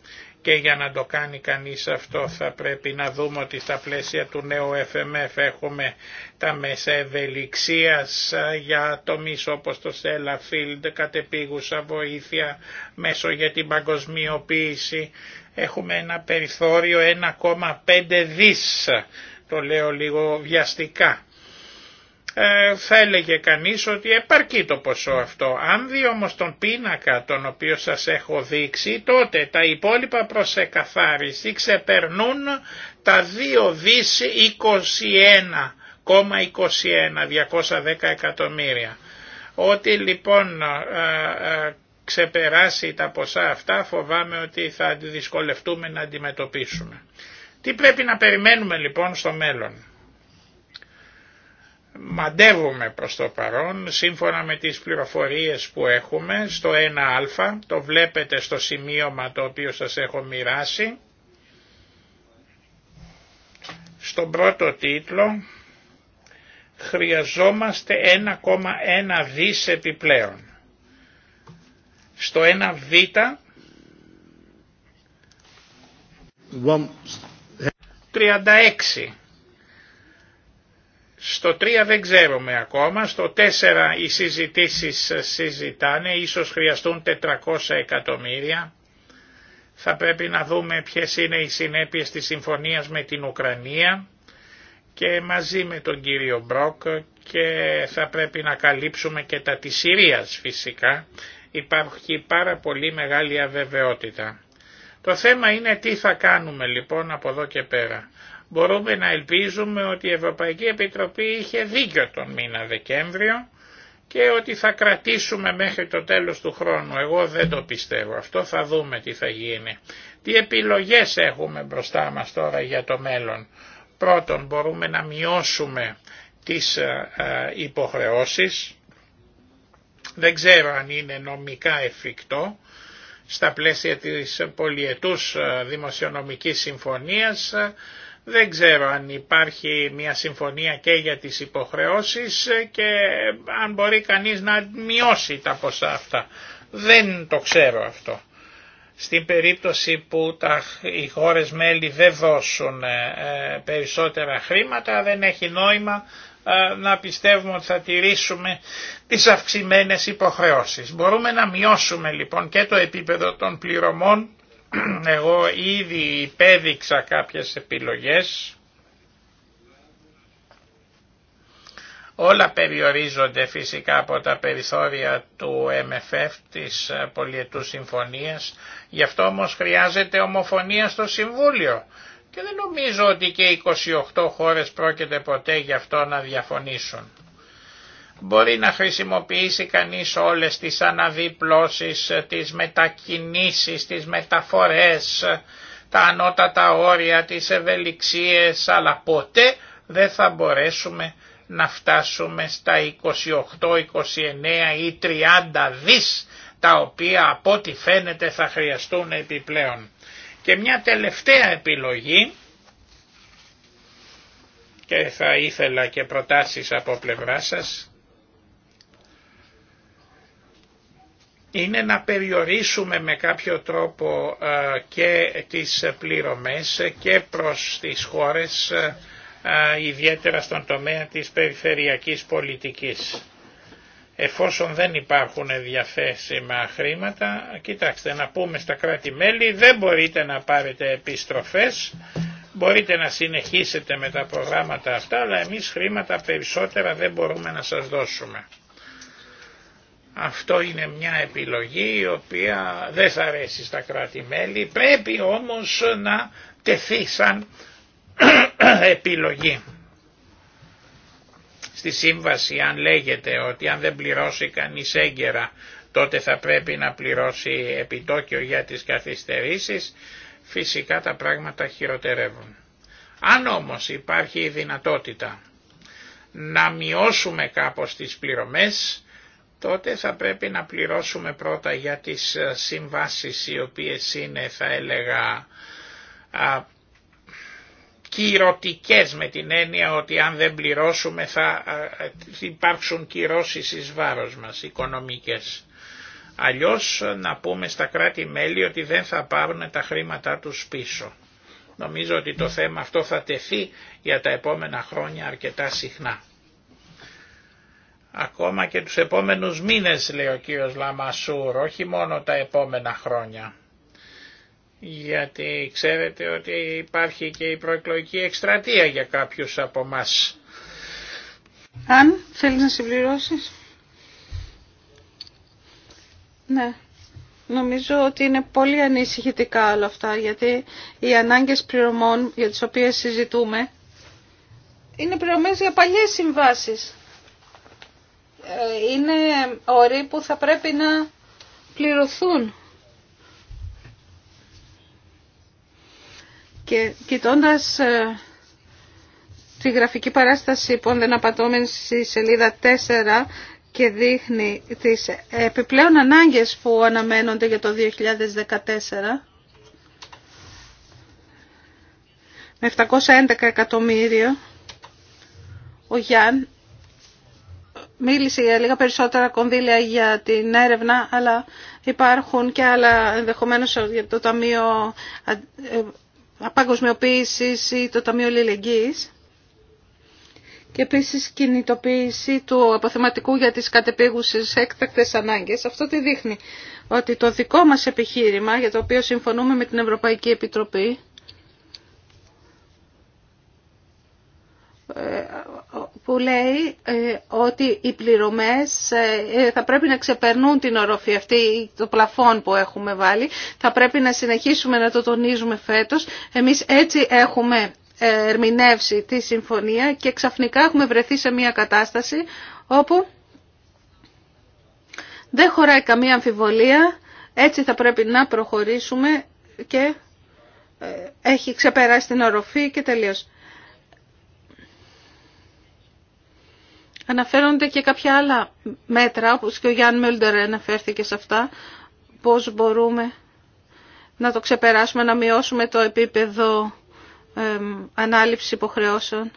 και για να το κάνει κανείς αυτό θα πρέπει να δούμε ότι στα πλαίσια του νέου FMF έχουμε τα μέσα ευελιξίας για το τομείς όπως το Stella Field, κατεπίγουσα βοήθεια, μέσω για την παγκοσμιοποίηση. Έχουμε ένα περιθώριο 1,5 δις, το λέω λίγο βιαστικά ε, θα έλεγε κανείς ότι επαρκεί το ποσό αυτό. Αν δει όμως τον πίνακα τον οποίο σας έχω δείξει, τότε τα υπόλοιπα προς εκαθάριση ξεπερνούν τα 2 δις 21,21, 210 εκατομμύρια. Ό,τι λοιπόν ε, ε, ξεπεράσει τα ποσά αυτά φοβάμαι ότι θα δυσκολευτούμε να αντιμετωπίσουμε. Τι πρέπει να περιμένουμε λοιπόν στο μέλλον μαντεύουμε προς το παρόν σύμφωνα με τις πληροφορίες που έχουμε στο 1α, το βλέπετε στο σημείωμα το οποίο σας έχω μοιράσει, στον πρώτο τίτλο χρειαζόμαστε 1,1 δις επιπλέον. Στο 1β 36 στο 3 δεν ξέρουμε ακόμα, στο 4 οι συζητήσεις συζητάνε, ίσως χρειαστούν 400 εκατομμύρια. Θα πρέπει να δούμε ποιες είναι οι συνέπειες της συμφωνίας με την Ουκρανία και μαζί με τον κύριο Μπρόκ και θα πρέπει να καλύψουμε και τα της Συρίας φυσικά. Υπάρχει πάρα πολύ μεγάλη αβεβαιότητα. Το θέμα είναι τι θα κάνουμε λοιπόν από εδώ και πέρα μπορούμε να ελπίζουμε ότι η Ευρωπαϊκή Επιτροπή είχε δίκιο τον μήνα Δεκέμβριο και ότι θα κρατήσουμε μέχρι το τέλος του χρόνου. Εγώ δεν το πιστεύω. Αυτό θα δούμε τι θα γίνει. Τι επιλογές έχουμε μπροστά μας τώρα για το μέλλον. Πρώτον μπορούμε να μειώσουμε τις ε, ε, υποχρεώσεις. Δεν ξέρω αν είναι νομικά εφικτό στα πλαίσια της πολιετούς ε, δημοσιονομικής συμφωνίας δεν ξέρω αν υπάρχει μια συμφωνία και για τις υποχρεώσεις και αν μπορεί κανείς να μειώσει τα ποσά αυτά. Δεν το ξέρω αυτό. Στην περίπτωση που τα, οι χώρες μέλη δεν δώσουν ε, ε, περισσότερα χρήματα δεν έχει νόημα ε, να πιστεύουμε ότι θα τηρήσουμε τις αυξημένες υποχρεώσεις. Μπορούμε να μειώσουμε λοιπόν και το επίπεδο των πληρωμών εγώ ήδη υπέδειξα κάποιες επιλογές. Όλα περιορίζονται φυσικά από τα περιθώρια του MFF, της ε, πολιετού συμφωνίας. Γι' αυτό όμως χρειάζεται ομοφωνία στο Συμβούλιο. Και δεν νομίζω ότι και 28 χώρες πρόκειται ποτέ γι' αυτό να διαφωνήσουν. Μπορεί να χρησιμοποιήσει κανείς όλες τις αναδιπλώσεις, τις μετακινήσεις, τις μεταφορές, τα ανώτατα όρια, τις ευελιξίες, αλλά ποτέ δεν θα μπορέσουμε να φτάσουμε στα 28, 29 ή 30 δις τα οποία από ό,τι φαίνεται θα χρειαστούν επιπλέον. Και μια τελευταία επιλογή και θα ήθελα και προτάσεις από πλευρά σας είναι να περιορίσουμε με κάποιο τρόπο ε, και τις πληρωμές και προς τις χώρες, ε, ε, ιδιαίτερα στον τομέα της περιφερειακής πολιτικής. Εφόσον δεν υπάρχουν διαθέσιμα χρήματα, κοιτάξτε να πούμε στα κράτη-μέλη δεν μπορείτε να πάρετε επιστροφές, μπορείτε να συνεχίσετε με τα προγράμματα αυτά, αλλά εμείς χρήματα περισσότερα δεν μπορούμε να σας δώσουμε. Αυτό είναι μια επιλογή η οποία δεν θα αρέσει στα κράτη-μέλη, πρέπει όμως να τεθεί σαν επιλογή. Στη σύμβαση αν λέγεται ότι αν δεν πληρώσει κανείς έγκαιρα τότε θα πρέπει να πληρώσει επιτόκιο για τις καθυστερήσεις, φυσικά τα πράγματα χειροτερεύουν. Αν όμως υπάρχει η δυνατότητα να μειώσουμε κάπως τις πληρωμές, τότε θα πρέπει να πληρώσουμε πρώτα για τις ε, συμβάσεις οι οποίες είναι θα έλεγα α, κυρωτικές με την έννοια ότι αν δεν πληρώσουμε θα ε, υπάρξουν κυρώσεις εις βάρος μας, οικονομικές. Αλλιώς ε, να πούμε στα κράτη-μέλη ότι δεν θα πάρουν τα χρήματά τους πίσω. Νομίζω ότι το θέμα αυτό θα τεθεί για τα επόμενα χρόνια αρκετά συχνά. Ακόμα και τους επόμενους μήνες λέει ο κύριος Λαμασούρ, όχι μόνο τα επόμενα χρόνια. Γιατί ξέρετε ότι υπάρχει και η προεκλογική εκστρατεία για κάποιους από μας. Αν θέλεις να συμπληρώσεις. Ναι. Νομίζω ότι είναι πολύ ανησυχητικά όλα αυτά, γιατί οι ανάγκες πληρωμών για τις οποίες συζητούμε είναι πληρωμές για παλιές συμβάσεις. Ε, είναι όροι που θα πρέπει να πληρωθούν. Και κοιτώντας ε, τη γραφική παράσταση που δεν απατώμενη στη σελίδα 4 και δείχνει τις επιπλέον ανάγκες που αναμένονται για το 2014 με 711 εκατομμύριο ο Γιάν μίλησε για λίγα περισσότερα κονδύλια για την έρευνα, αλλά υπάρχουν και άλλα ενδεχομένω για το Ταμείο Απαγκοσμιοποίηση ε, ή το Ταμείο Λιλεγγύης. Και επίση κινητοποίηση του αποθεματικού για τις κατεπήγουσες έκτακτες ανάγκες. Αυτό τι δείχνει, ότι το δικό μας επιχείρημα, για το οποίο συμφωνούμε με την Ευρωπαϊκή Επιτροπή, ε, που λέει ε, ότι οι πληρωμές ε, ε, θα πρέπει να ξεπερνούν την οροφή αυτή, το πλαφόν που έχουμε βάλει. Θα πρέπει να συνεχίσουμε να το τονίζουμε φέτος. Εμείς έτσι έχουμε ερμηνεύσει τη συμφωνία και ξαφνικά έχουμε βρεθεί σε μια κατάσταση όπου δεν χωράει καμία αμφιβολία. Έτσι θα πρέπει να προχωρήσουμε και έχει ξεπεράσει την οροφή και τελείως. Αναφέρονται και κάποια άλλα μέτρα, όπως και ο Γιάννη Μέλντερ αναφέρθηκε σε αυτά, πώς μπορούμε να το ξεπεράσουμε, να μειώσουμε το επίπεδο ε, ανάληψης υποχρεώσεων.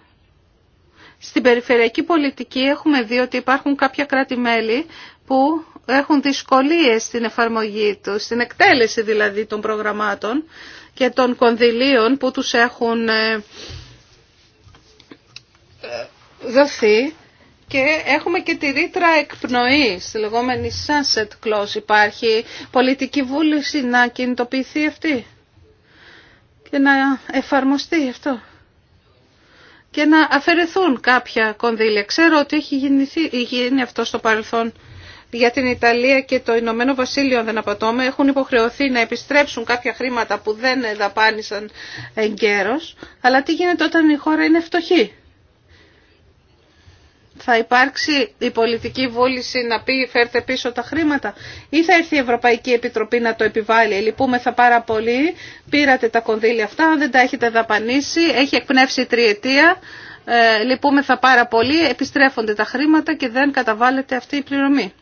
Στην περιφερειακή πολιτική έχουμε δει ότι υπάρχουν κάποια κράτη-μέλη που έχουν δυσκολίες στην εφαρμογή του, στην εκτέλεση δηλαδή των προγραμμάτων και των κονδυλίων που τους έχουν ε, δοθεί και έχουμε και τη ρήτρα εκπνοή, τη λεγόμενη sunset clause. Υπάρχει πολιτική βούληση να κινητοποιηθεί αυτή και να εφαρμοστεί αυτό και να αφαιρεθούν κάποια κονδύλια. Ξέρω ότι έχει γίνει, γίνει αυτό στο παρελθόν για την Ιταλία και το Ηνωμένο Βασίλειο, αν δεν απατώμε, έχουν υποχρεωθεί να επιστρέψουν κάποια χρήματα που δεν δαπάνησαν εγκαίρως. Αλλά τι γίνεται όταν η χώρα είναι φτωχή θα υπάρξει η πολιτική βούληση να πει φέρτε πίσω τα χρήματα ή θα έρθει η Ευρωπαϊκή Επιτροπή να το επιβάλλει. Λυπούμεθα πάρα πολύ, πήρατε τα κονδύλια αυτά, δεν τα έχετε δαπανίσει, έχει εκπνεύσει τριετία, ε, λυπούμεθα πάρα πολύ, επιστρέφονται τα χρήματα και δεν καταβάλλεται αυτή η πληρωμή.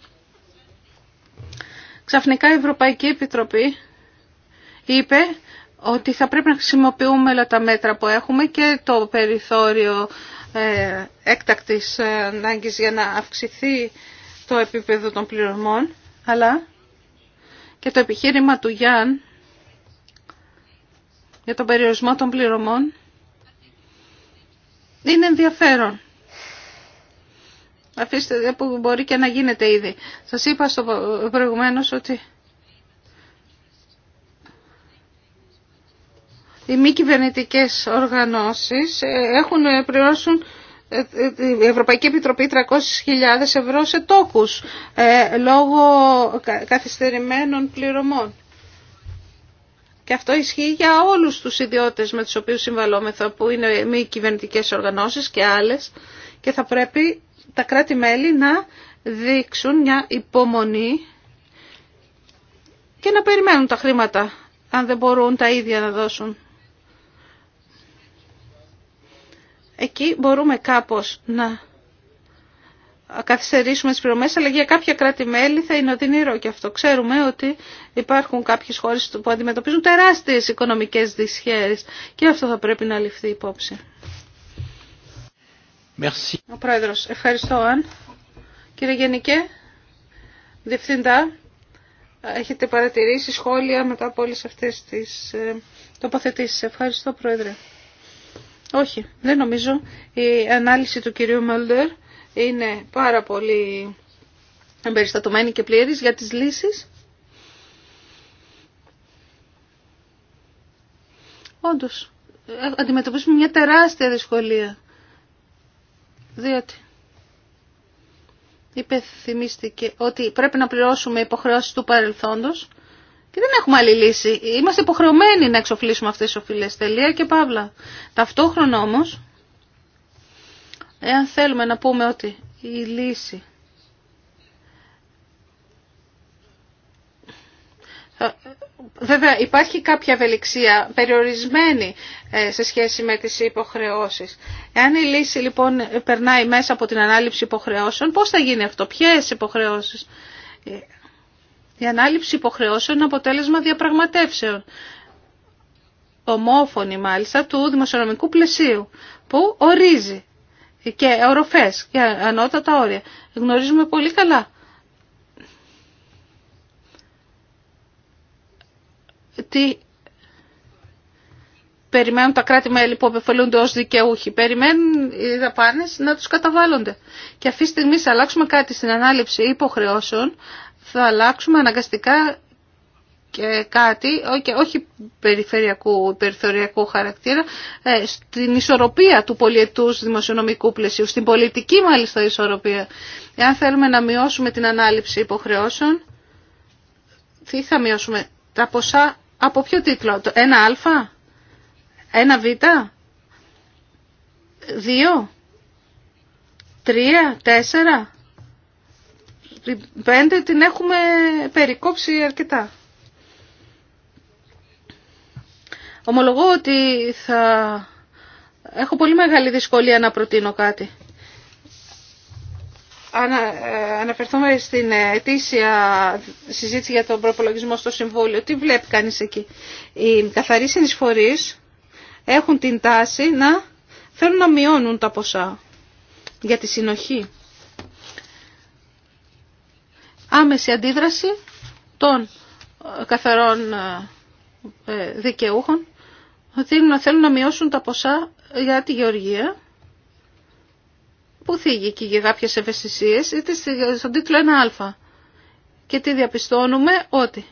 Ξαφνικά η Ευρωπαϊκή Επιτροπή είπε ότι θα πρέπει να χρησιμοποιούμε όλα τα μέτρα που έχουμε και το περιθώριο ε, έκτακτης ανάγκης για να αυξηθεί το επίπεδο των πληρωμών, αλλά και το επιχείρημα του Γιάν για τον περιορισμό των πληρωμών είναι ενδιαφέρον. Αφήστε που μπορεί και να γίνεται ήδη. Σας είπα στο προηγουμένως ότι οι μη κυβερνητικέ οργανώσεις ε, έχουν πληρώσουν ε, ε, η Ευρωπαϊκή Επιτροπή 300.000 ευρώ σε τόκους λόγω καθυστερημένων πληρωμών. Και αυτό ισχύει για όλους τους ιδιώτες με τους οποίους συμβαλόμεθα που είναι μη κυβερνητικέ οργανώσεις και άλλες και θα πρέπει τα κράτη-μέλη να δείξουν μια υπομονή και να περιμένουν τα χρήματα αν δεν μπορούν τα ίδια να δώσουν. Εκεί μπορούμε κάπως να καθυστερήσουμε τις πληρωμές, αλλά για κάποια κράτη-μέλη θα είναι οδυνηρό και αυτό. Ξέρουμε ότι υπάρχουν κάποιες χώρες που αντιμετωπίζουν τεράστιες οικονομικές δυσχέρειες και αυτό θα πρέπει να ληφθεί υπόψη. Merci. Ο Πρόεδρος, ευχαριστώ, Αν. Κύριε Γενικέ, Διευθυντά, έχετε παρατηρήσει σχόλια μετά από όλες αυτές τις ε, τοποθετήσεις. Ευχαριστώ, Πρόεδρε. Όχι, δεν νομίζω. Η ανάλυση του κυρίου Μέλντερ είναι πάρα πολύ εμπεριστατωμένη και πλήρης για τις λύσεις. Όντως, ε, αντιμετωπίζουμε μια τεράστια δυσκολία. Διότι υπεθυμίστηκε ότι πρέπει να πληρώσουμε υποχρεώσεις του παρελθόντος και δεν έχουμε άλλη λύση. Είμαστε υποχρεωμένοι να εξοφλήσουμε αυτές τις οφειλές. Τελεία και παύλα. Ταυτόχρονα όμως, εάν θέλουμε να πούμε ότι η λύση ε, Βέβαια υπάρχει κάποια ευελιξία περιορισμένη ε, σε σχέση με τις υποχρεώσεις. Εάν η λύση λοιπόν περνάει μέσα από την ανάληψη υποχρεώσεων, πώς θα γίνει αυτό, ποιες υποχρεώσεις. Ε, η ανάληψη υποχρεώσεων αποτέλεσμα διαπραγματεύσεων, ομόφωνη μάλιστα, του δημοσιονομικού πλαισίου, που ορίζει και οροφές και ανώτατα όρια. Γνωρίζουμε πολύ καλά. Τι περιμένουν τα κράτη-μέλη που απεφελούνται ως δικαιούχοι. Περιμένουν οι δαπάνες να τους καταβάλλονται. Και αυτή τη στιγμή αλλάξουμε κάτι στην ανάληψη υποχρεώσεων, θα αλλάξουμε αναγκαστικά και κάτι, όχι περιφερειακού, περιθωριακού χαρακτήρα, ε, στην ισορροπία του πολιετούς δημοσιονομικού πλαισίου, στην πολιτική μάλιστα ισορροπία. Εάν θέλουμε να μειώσουμε την ανάληψη υποχρεώσεων, τι θα μειώσουμε, τα ποσά από ποιο τίτλο, το 1α, ένα β 2, 3, τέσσερα την την έχουμε περικόψει αρκετά. Ομολογώ ότι θα έχω πολύ μεγάλη δυσκολία να προτείνω κάτι. Ανα, ε, αναφερθούμε στην ετήσια συζήτηση για τον προπολογισμό στο Συμβούλιο. Τι βλέπει κανείς εκεί. Οι καθαροί συνεισφορείς έχουν την τάση να θέλουν να μειώνουν τα ποσά για τη συνοχή άμεση αντίδραση των ε, καθαρών ε, ε, δικαιούχων ότι θέλουν να μειώσουν τα ποσά για τη γεωργία που θίγει και για κάποιες ευαισθησίες είτε στον τίτλο 1α και τι διαπιστώνουμε ότι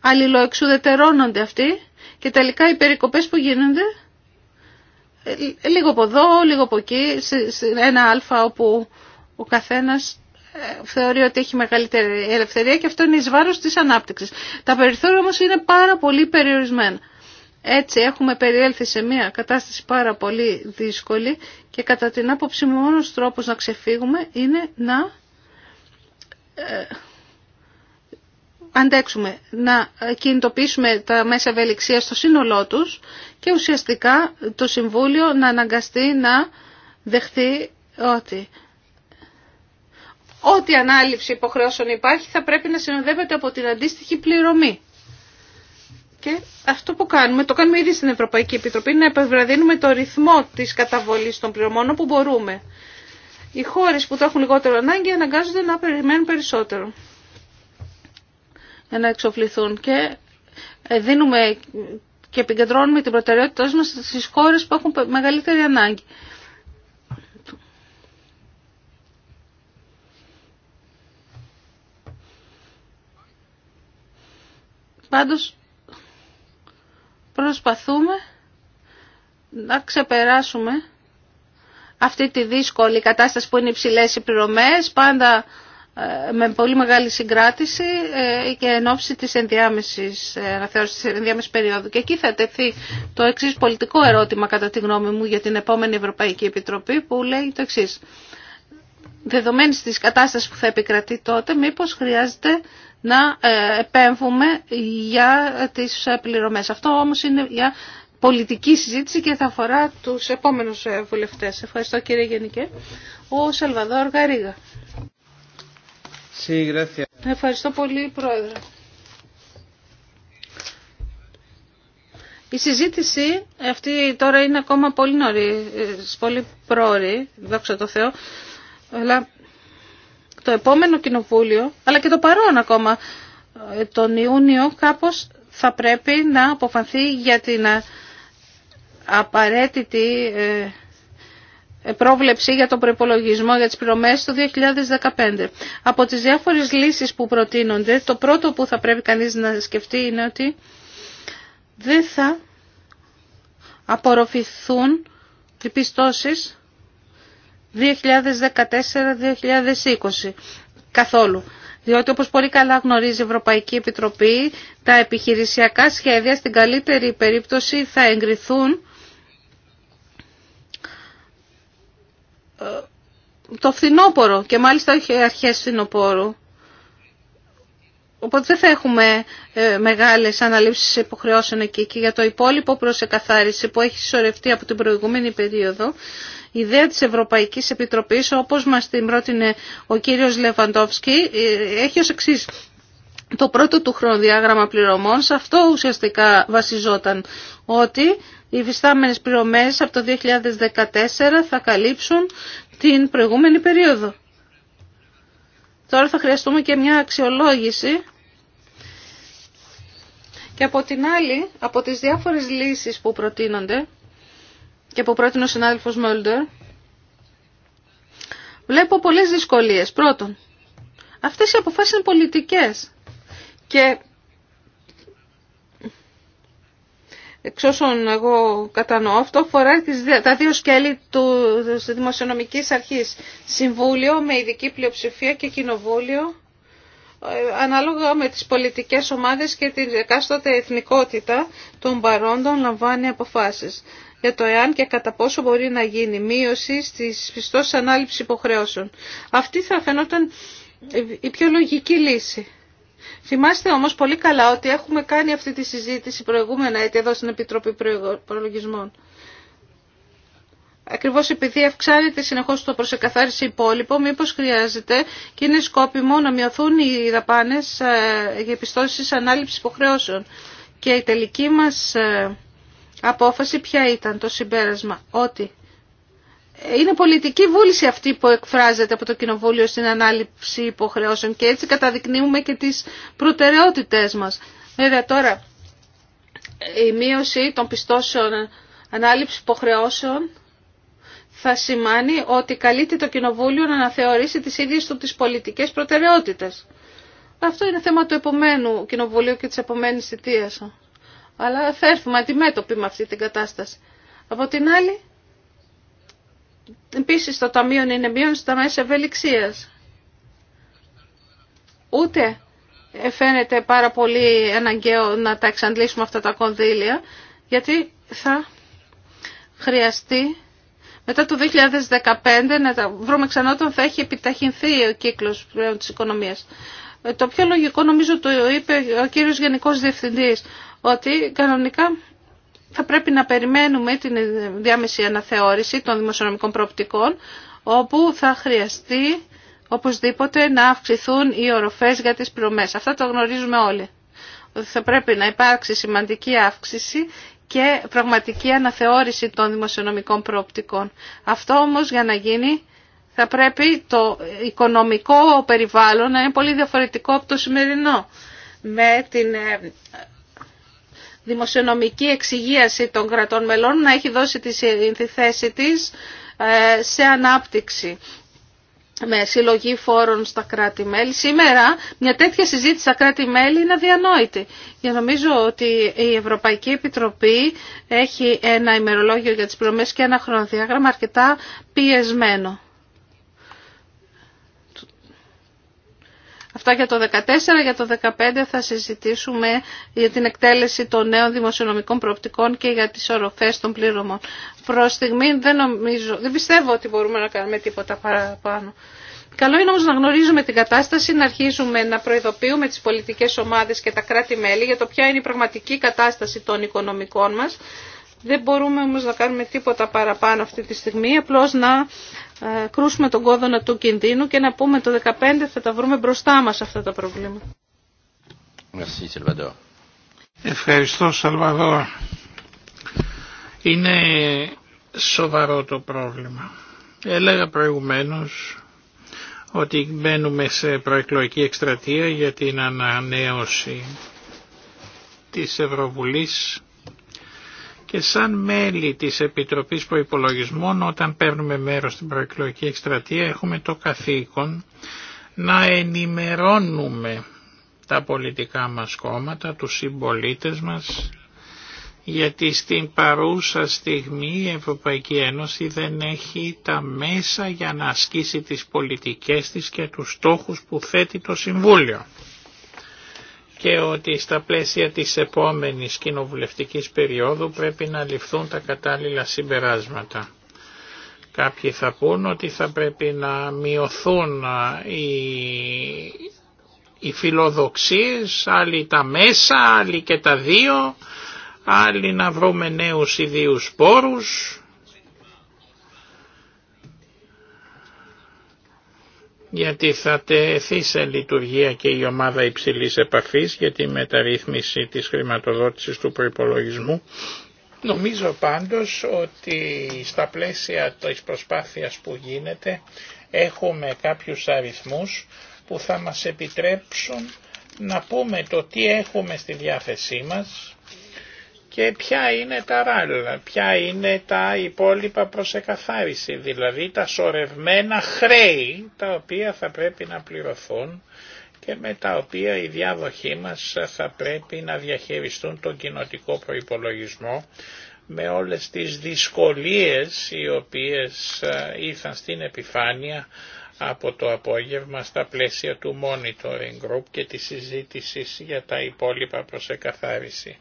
αλληλοεξουδετερώνονται αυτοί και τελικά οι περικοπές που γίνονται λίγο από εδώ, λίγο από εκεί, σε ένα α όπου ο καθένας θεωρεί ότι έχει μεγαλύτερη ελευθερία και αυτό είναι εις βάρος της ανάπτυξης. Τα περιθώρια όμως είναι πάρα πολύ περιορισμένα. Έτσι έχουμε περιέλθει σε μια κατάσταση πάρα πολύ δύσκολη και κατά την άποψη μου μόνος τρόπος να ξεφύγουμε είναι να ε, αντέξουμε, να κινητοποιήσουμε τα μέσα ευελιξία στο σύνολό τους και ουσιαστικά το Συμβούλιο να αναγκαστεί να δεχθεί ότι ό,τι ανάληψη υποχρεώσεων υπάρχει θα πρέπει να συνοδεύεται από την αντίστοιχη πληρωμή. Και αυτό που κάνουμε, το κάνουμε ήδη στην Ευρωπαϊκή Επιτροπή, είναι να επευραδύνουμε το ρυθμό της καταβολής των πληρωμών όπου μπορούμε. Οι χώρες που το έχουν λιγότερο ανάγκη αναγκάζονται να περιμένουν περισσότερο για να εξοφληθούν και ε, δίνουμε και επικεντρώνουμε την προτεραιότητά μας στις χώρες που έχουν μεγαλύτερη ανάγκη. Πάντως προσπαθούμε να ξεπεράσουμε αυτή τη δύσκολη κατάσταση που είναι υψηλές οι πληρωμές, πάντα ε, με πολύ μεγάλη συγκράτηση ε, και εν ώψη της ενδιάμεσης ε, ενδιάμεσης περίοδου. Και εκεί θα τεθεί το εξή πολιτικό ερώτημα κατά τη γνώμη μου για την επόμενη Ευρωπαϊκή Επιτροπή που λέει το εξή. Δεδομένης της κατάστασης που θα επικρατεί τότε, μήπως χρειάζεται να ε, επέμβουμε για τις ε, πληρωμές. Αυτό όμως είναι για πολιτική συζήτηση και θα αφορά τους επόμενους ε, βουλευτές. Ευχαριστώ κύριε Γενικέ. Ο Σαλβαδόρ Γαρίγα. Ευχαριστώ πολύ πρόεδρε. Η συζήτηση αυτή τώρα είναι ακόμα πολύ νωρί, πολύ πρόωρη, δόξα τω Θεώ, αλλά το επόμενο κοινοβούλιο, αλλά και το παρόν ακόμα, ε, τον Ιούνιο κάπως θα πρέπει να αποφανθεί για την ε, απαραίτητη ε, πρόβλεψη για τον προπολογισμό για τις πληρωμές το 2015. Από τις διάφορες λύσεις που προτείνονται, το πρώτο που θα πρέπει κανείς να σκεφτεί είναι ότι δεν θα απορροφηθούν οι πιστώσεις 2014-2020 καθόλου. Διότι όπως πολύ καλά γνωρίζει η Ευρωπαϊκή Επιτροπή, τα επιχειρησιακά σχέδια στην καλύτερη περίπτωση θα εγκριθούν ε, το φθινόπωρο και μάλιστα όχι αρχές φθινοπόρου. Οπότε δεν θα έχουμε ε, μεγάλες αναλήψεις υποχρεώσεων εκεί και για το υπόλοιπο προς εκαθάριση που έχει συσσωρευτεί από την προηγούμενη περίοδο. Η ιδέα της Ευρωπαϊκής Επιτροπής, όπως μας την πρότεινε ο κύριος Λεβαντόφσκι, ε, έχει ως εξής. Το πρώτο του χρονοδιάγραμμα πληρωμών, σε αυτό ουσιαστικά βασιζόταν ότι οι υφιστάμενες πληρωμές από το 2014 θα καλύψουν την προηγούμενη περίοδο. Τώρα θα χρειαστούμε και μια αξιολόγηση και από την άλλη, από τις διάφορες λύσεις που προτείνονται και που πρότεινε ο συνάδελφος Μόλντερ, βλέπω πολλές δυσκολίες. Πρώτον, αυτές οι αποφάσεις είναι πολιτικές και εξ όσων εγώ κατανοώ, αυτό αφορά τα δύο σκέλη του, δημοσιονομικής αρχής. Συμβούλιο με ειδική πλειοψηφία και κοινοβούλιο ανάλογα με τις πολιτικές ομάδες και την εκάστοτε εθνικότητα των παρόντων λαμβάνει αποφάσεις για το εάν και κατά πόσο μπορεί να γίνει μείωση στις πιστώσεις ανάληψη υποχρεώσεων. Αυτή θα φαινόταν η πιο λογική λύση. Θυμάστε όμως πολύ καλά ότι έχουμε κάνει αυτή τη συζήτηση προηγούμενα έτη εδώ στην Επιτροπή Προλογισμών ακριβώς επειδή αυξάνεται συνεχώς το προσεκαθάριση υπόλοιπο, μήπως χρειάζεται και είναι σκόπιμο να μειωθούν οι δαπάνες για ε, πιστώσεις ανάληψης υποχρεώσεων. Και η τελική μας ε, απόφαση ποια ήταν το συμπέρασμα, ότι είναι πολιτική βούληση αυτή που εκφράζεται από το Κοινοβούλιο στην ανάληψη υποχρεώσεων και έτσι καταδεικνύουμε και τις προτεραιότητές μας. Βέβαια τώρα η μείωση των πιστώσεων ανάληψη υποχρεώσεων θα σημάνει ότι καλείται το Κοινοβούλιο να αναθεωρήσει τις ίδιες του τις πολιτικές προτεραιότητες. Αυτό είναι θέμα του επομένου Κοινοβουλίου και της επομένης θητείας. Αλλά θα έρθουμε αντιμέτωποι με αυτή την κατάσταση. Από την άλλη, επίση το Ταμείο είναι μείον στα μέσα ευελιξία. Ούτε φαίνεται πάρα πολύ αναγκαίο να τα εξαντλήσουμε αυτά τα κονδύλια, γιατί θα χρειαστεί μετά το 2015 να τα βρούμε ξανά όταν θα έχει επιταχυνθεί ο κύκλος τη της οικονομίας. Ε, το πιο λογικό νομίζω το είπε ο κύριος Γενικός Διευθυντής ότι κανονικά θα πρέπει να περιμένουμε την διάμεση αναθεώρηση των δημοσιονομικών προοπτικών όπου θα χρειαστεί οπωσδήποτε να αυξηθούν οι οροφές για τις πληρωμές. Αυτά το γνωρίζουμε όλοι. θα πρέπει να υπάρξει σημαντική αύξηση και πραγματική αναθεώρηση των δημοσιονομικών προοπτικών. Αυτό όμως για να γίνει θα πρέπει το οικονομικό περιβάλλον να είναι πολύ διαφορετικό από το σημερινό. Με την ε, δημοσιονομική εξηγίαση των κρατών μελών να έχει δώσει τη θέση της ε, σε ανάπτυξη με συλλογή φόρων στα κράτη-μέλη. Σήμερα μια τέτοια συζήτηση στα κράτη-μέλη είναι αδιανόητη. Για νομίζω ότι η Ευρωπαϊκή Επιτροπή έχει ένα ημερολόγιο για τις πληρωμές και ένα χρονοδιάγραμμα αρκετά πιεσμένο. Αυτά για το 2014, για το 2015 θα συζητήσουμε για την εκτέλεση των νέων δημοσιονομικών προοπτικών και για τις οροφές των πλήρωμων. Προς στιγμή δεν, νομίζω, δεν πιστεύω ότι μπορούμε να κάνουμε τίποτα παραπάνω. Καλό είναι όμως να γνωρίζουμε την κατάσταση, να αρχίζουμε να προειδοποιούμε τις πολιτικές ομάδες και τα κράτη-μέλη για το ποια είναι η πραγματική κατάσταση των οικονομικών μας δεν μπορούμε όμως να κάνουμε τίποτα παραπάνω αυτή τη στιγμή, απλώς να ε, κρούσουμε τον κόδωνα του κινδύνου και να πούμε το 2015 θα τα βρούμε μπροστά μας αυτά τα προβλήματα. Ευχαριστώ Σαλβαδόρ. Είναι σοβαρό το πρόβλημα. Έλεγα προηγουμένως ότι μπαίνουμε σε προεκλογική εκστρατεία για την ανανέωση της Ευρωβουλής και σαν μέλη της Επιτροπής Προϋπολογισμών όταν παίρνουμε μέρος στην προεκλογική εκστρατεία έχουμε το καθήκον να ενημερώνουμε τα πολιτικά μας κόμματα, τους συμπολίτε μας, γιατί στην παρούσα στιγμή η Ευρωπαϊκή Ένωση δεν έχει τα μέσα για να ασκήσει τις πολιτικές της και τους στόχους που θέτει το Συμβούλιο και ότι στα πλαίσια της επόμενης κοινοβουλευτικής περίοδου πρέπει να ληφθούν τα κατάλληλα συμπεράσματα. Κάποιοι θα πούν ότι θα πρέπει να μειωθούν οι, οι φιλοδοξίες, άλλοι τα μέσα, άλλοι και τα δύο, άλλοι να βρούμε νέους ιδίους πόρους, γιατί θα τεθεί σε λειτουργία και η ομάδα υψηλής επαφής για τη μεταρρύθμιση της χρηματοδότησης του προϋπολογισμού. Νομίζω πάντως ότι στα πλαίσια της προσπάθειας που γίνεται έχουμε κάποιους αριθμούς που θα μας επιτρέψουν να πούμε το τι έχουμε στη διάθεσή μας και ποια είναι τα ράλλα, ποια είναι τα υπόλοιπα προς εκαθάριση, δηλαδή τα σορευμένα χρέη τα οποία θα πρέπει να πληρωθούν και με τα οποία οι διάδοχοί μας θα πρέπει να διαχειριστούν τον κοινοτικό προϋπολογισμό με όλες τις δυσκολίες οι οποίες ε, ήρθαν στην επιφάνεια από το απόγευμα στα πλαίσια του Monitoring Group και τη συζήτηση για τα υπόλοιπα προς εκαθάριση.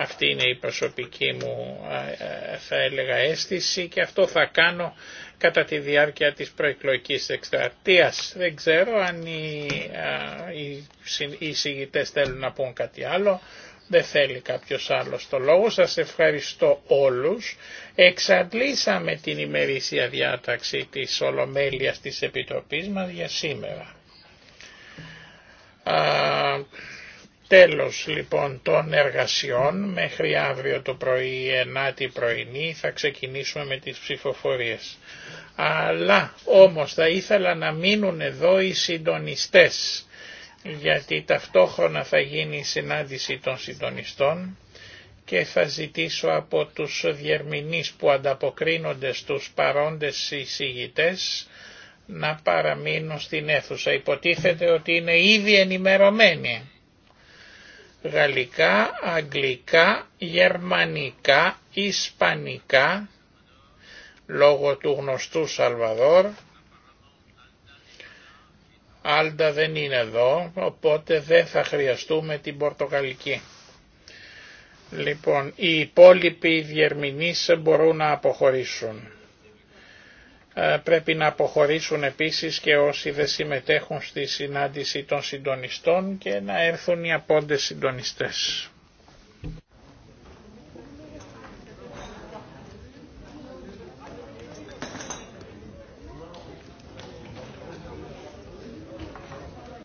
Αυτή είναι η προσωπική μου ε, θα έλεγα αίσθηση και αυτό θα κάνω κατά τη διάρκεια της προεκλογικής εκστρατείας. Δεν ξέρω αν οι, οι θέλουν να πούν κάτι άλλο. Δεν θέλει κάποιος άλλος το λόγο. Σας ευχαριστώ όλους. Εξαντλήσαμε την ημερήσια διάταξη της Ολομέλειας της Επιτροπής μας για σήμερα. Τέλος λοιπόν των εργασιών, μέχρι αύριο το πρωί, 9η πρωινή, θα ξεκινήσουμε με τις ψηφοφορίες. Αλλά όμως θα ήθελα να μείνουν εδώ οι συντονιστές, γιατί ταυτόχρονα θα γίνει η συνάντηση των συντονιστών και θα ζητήσω από τους διερμηνείς που ανταποκρίνονται στους παρόντες εισηγητές να παραμείνουν στην αίθουσα. Υποτίθεται ότι είναι ήδη ενημερωμένοι γαλλικά, αγγλικά, γερμανικά, ισπανικά, λόγω του γνωστού Σαλβαδόρ. Άλτα δεν είναι εδώ, οπότε δεν θα χρειαστούμε την πορτοκαλική. Λοιπόν, οι υπόλοιποι διερμηνείς μπορούν να αποχωρήσουν. Ε, πρέπει να αποχωρήσουν επίσης και όσοι δεν συμμετέχουν στη συνάντηση των συντονιστών και να έρθουν οι απόντες συντονιστές.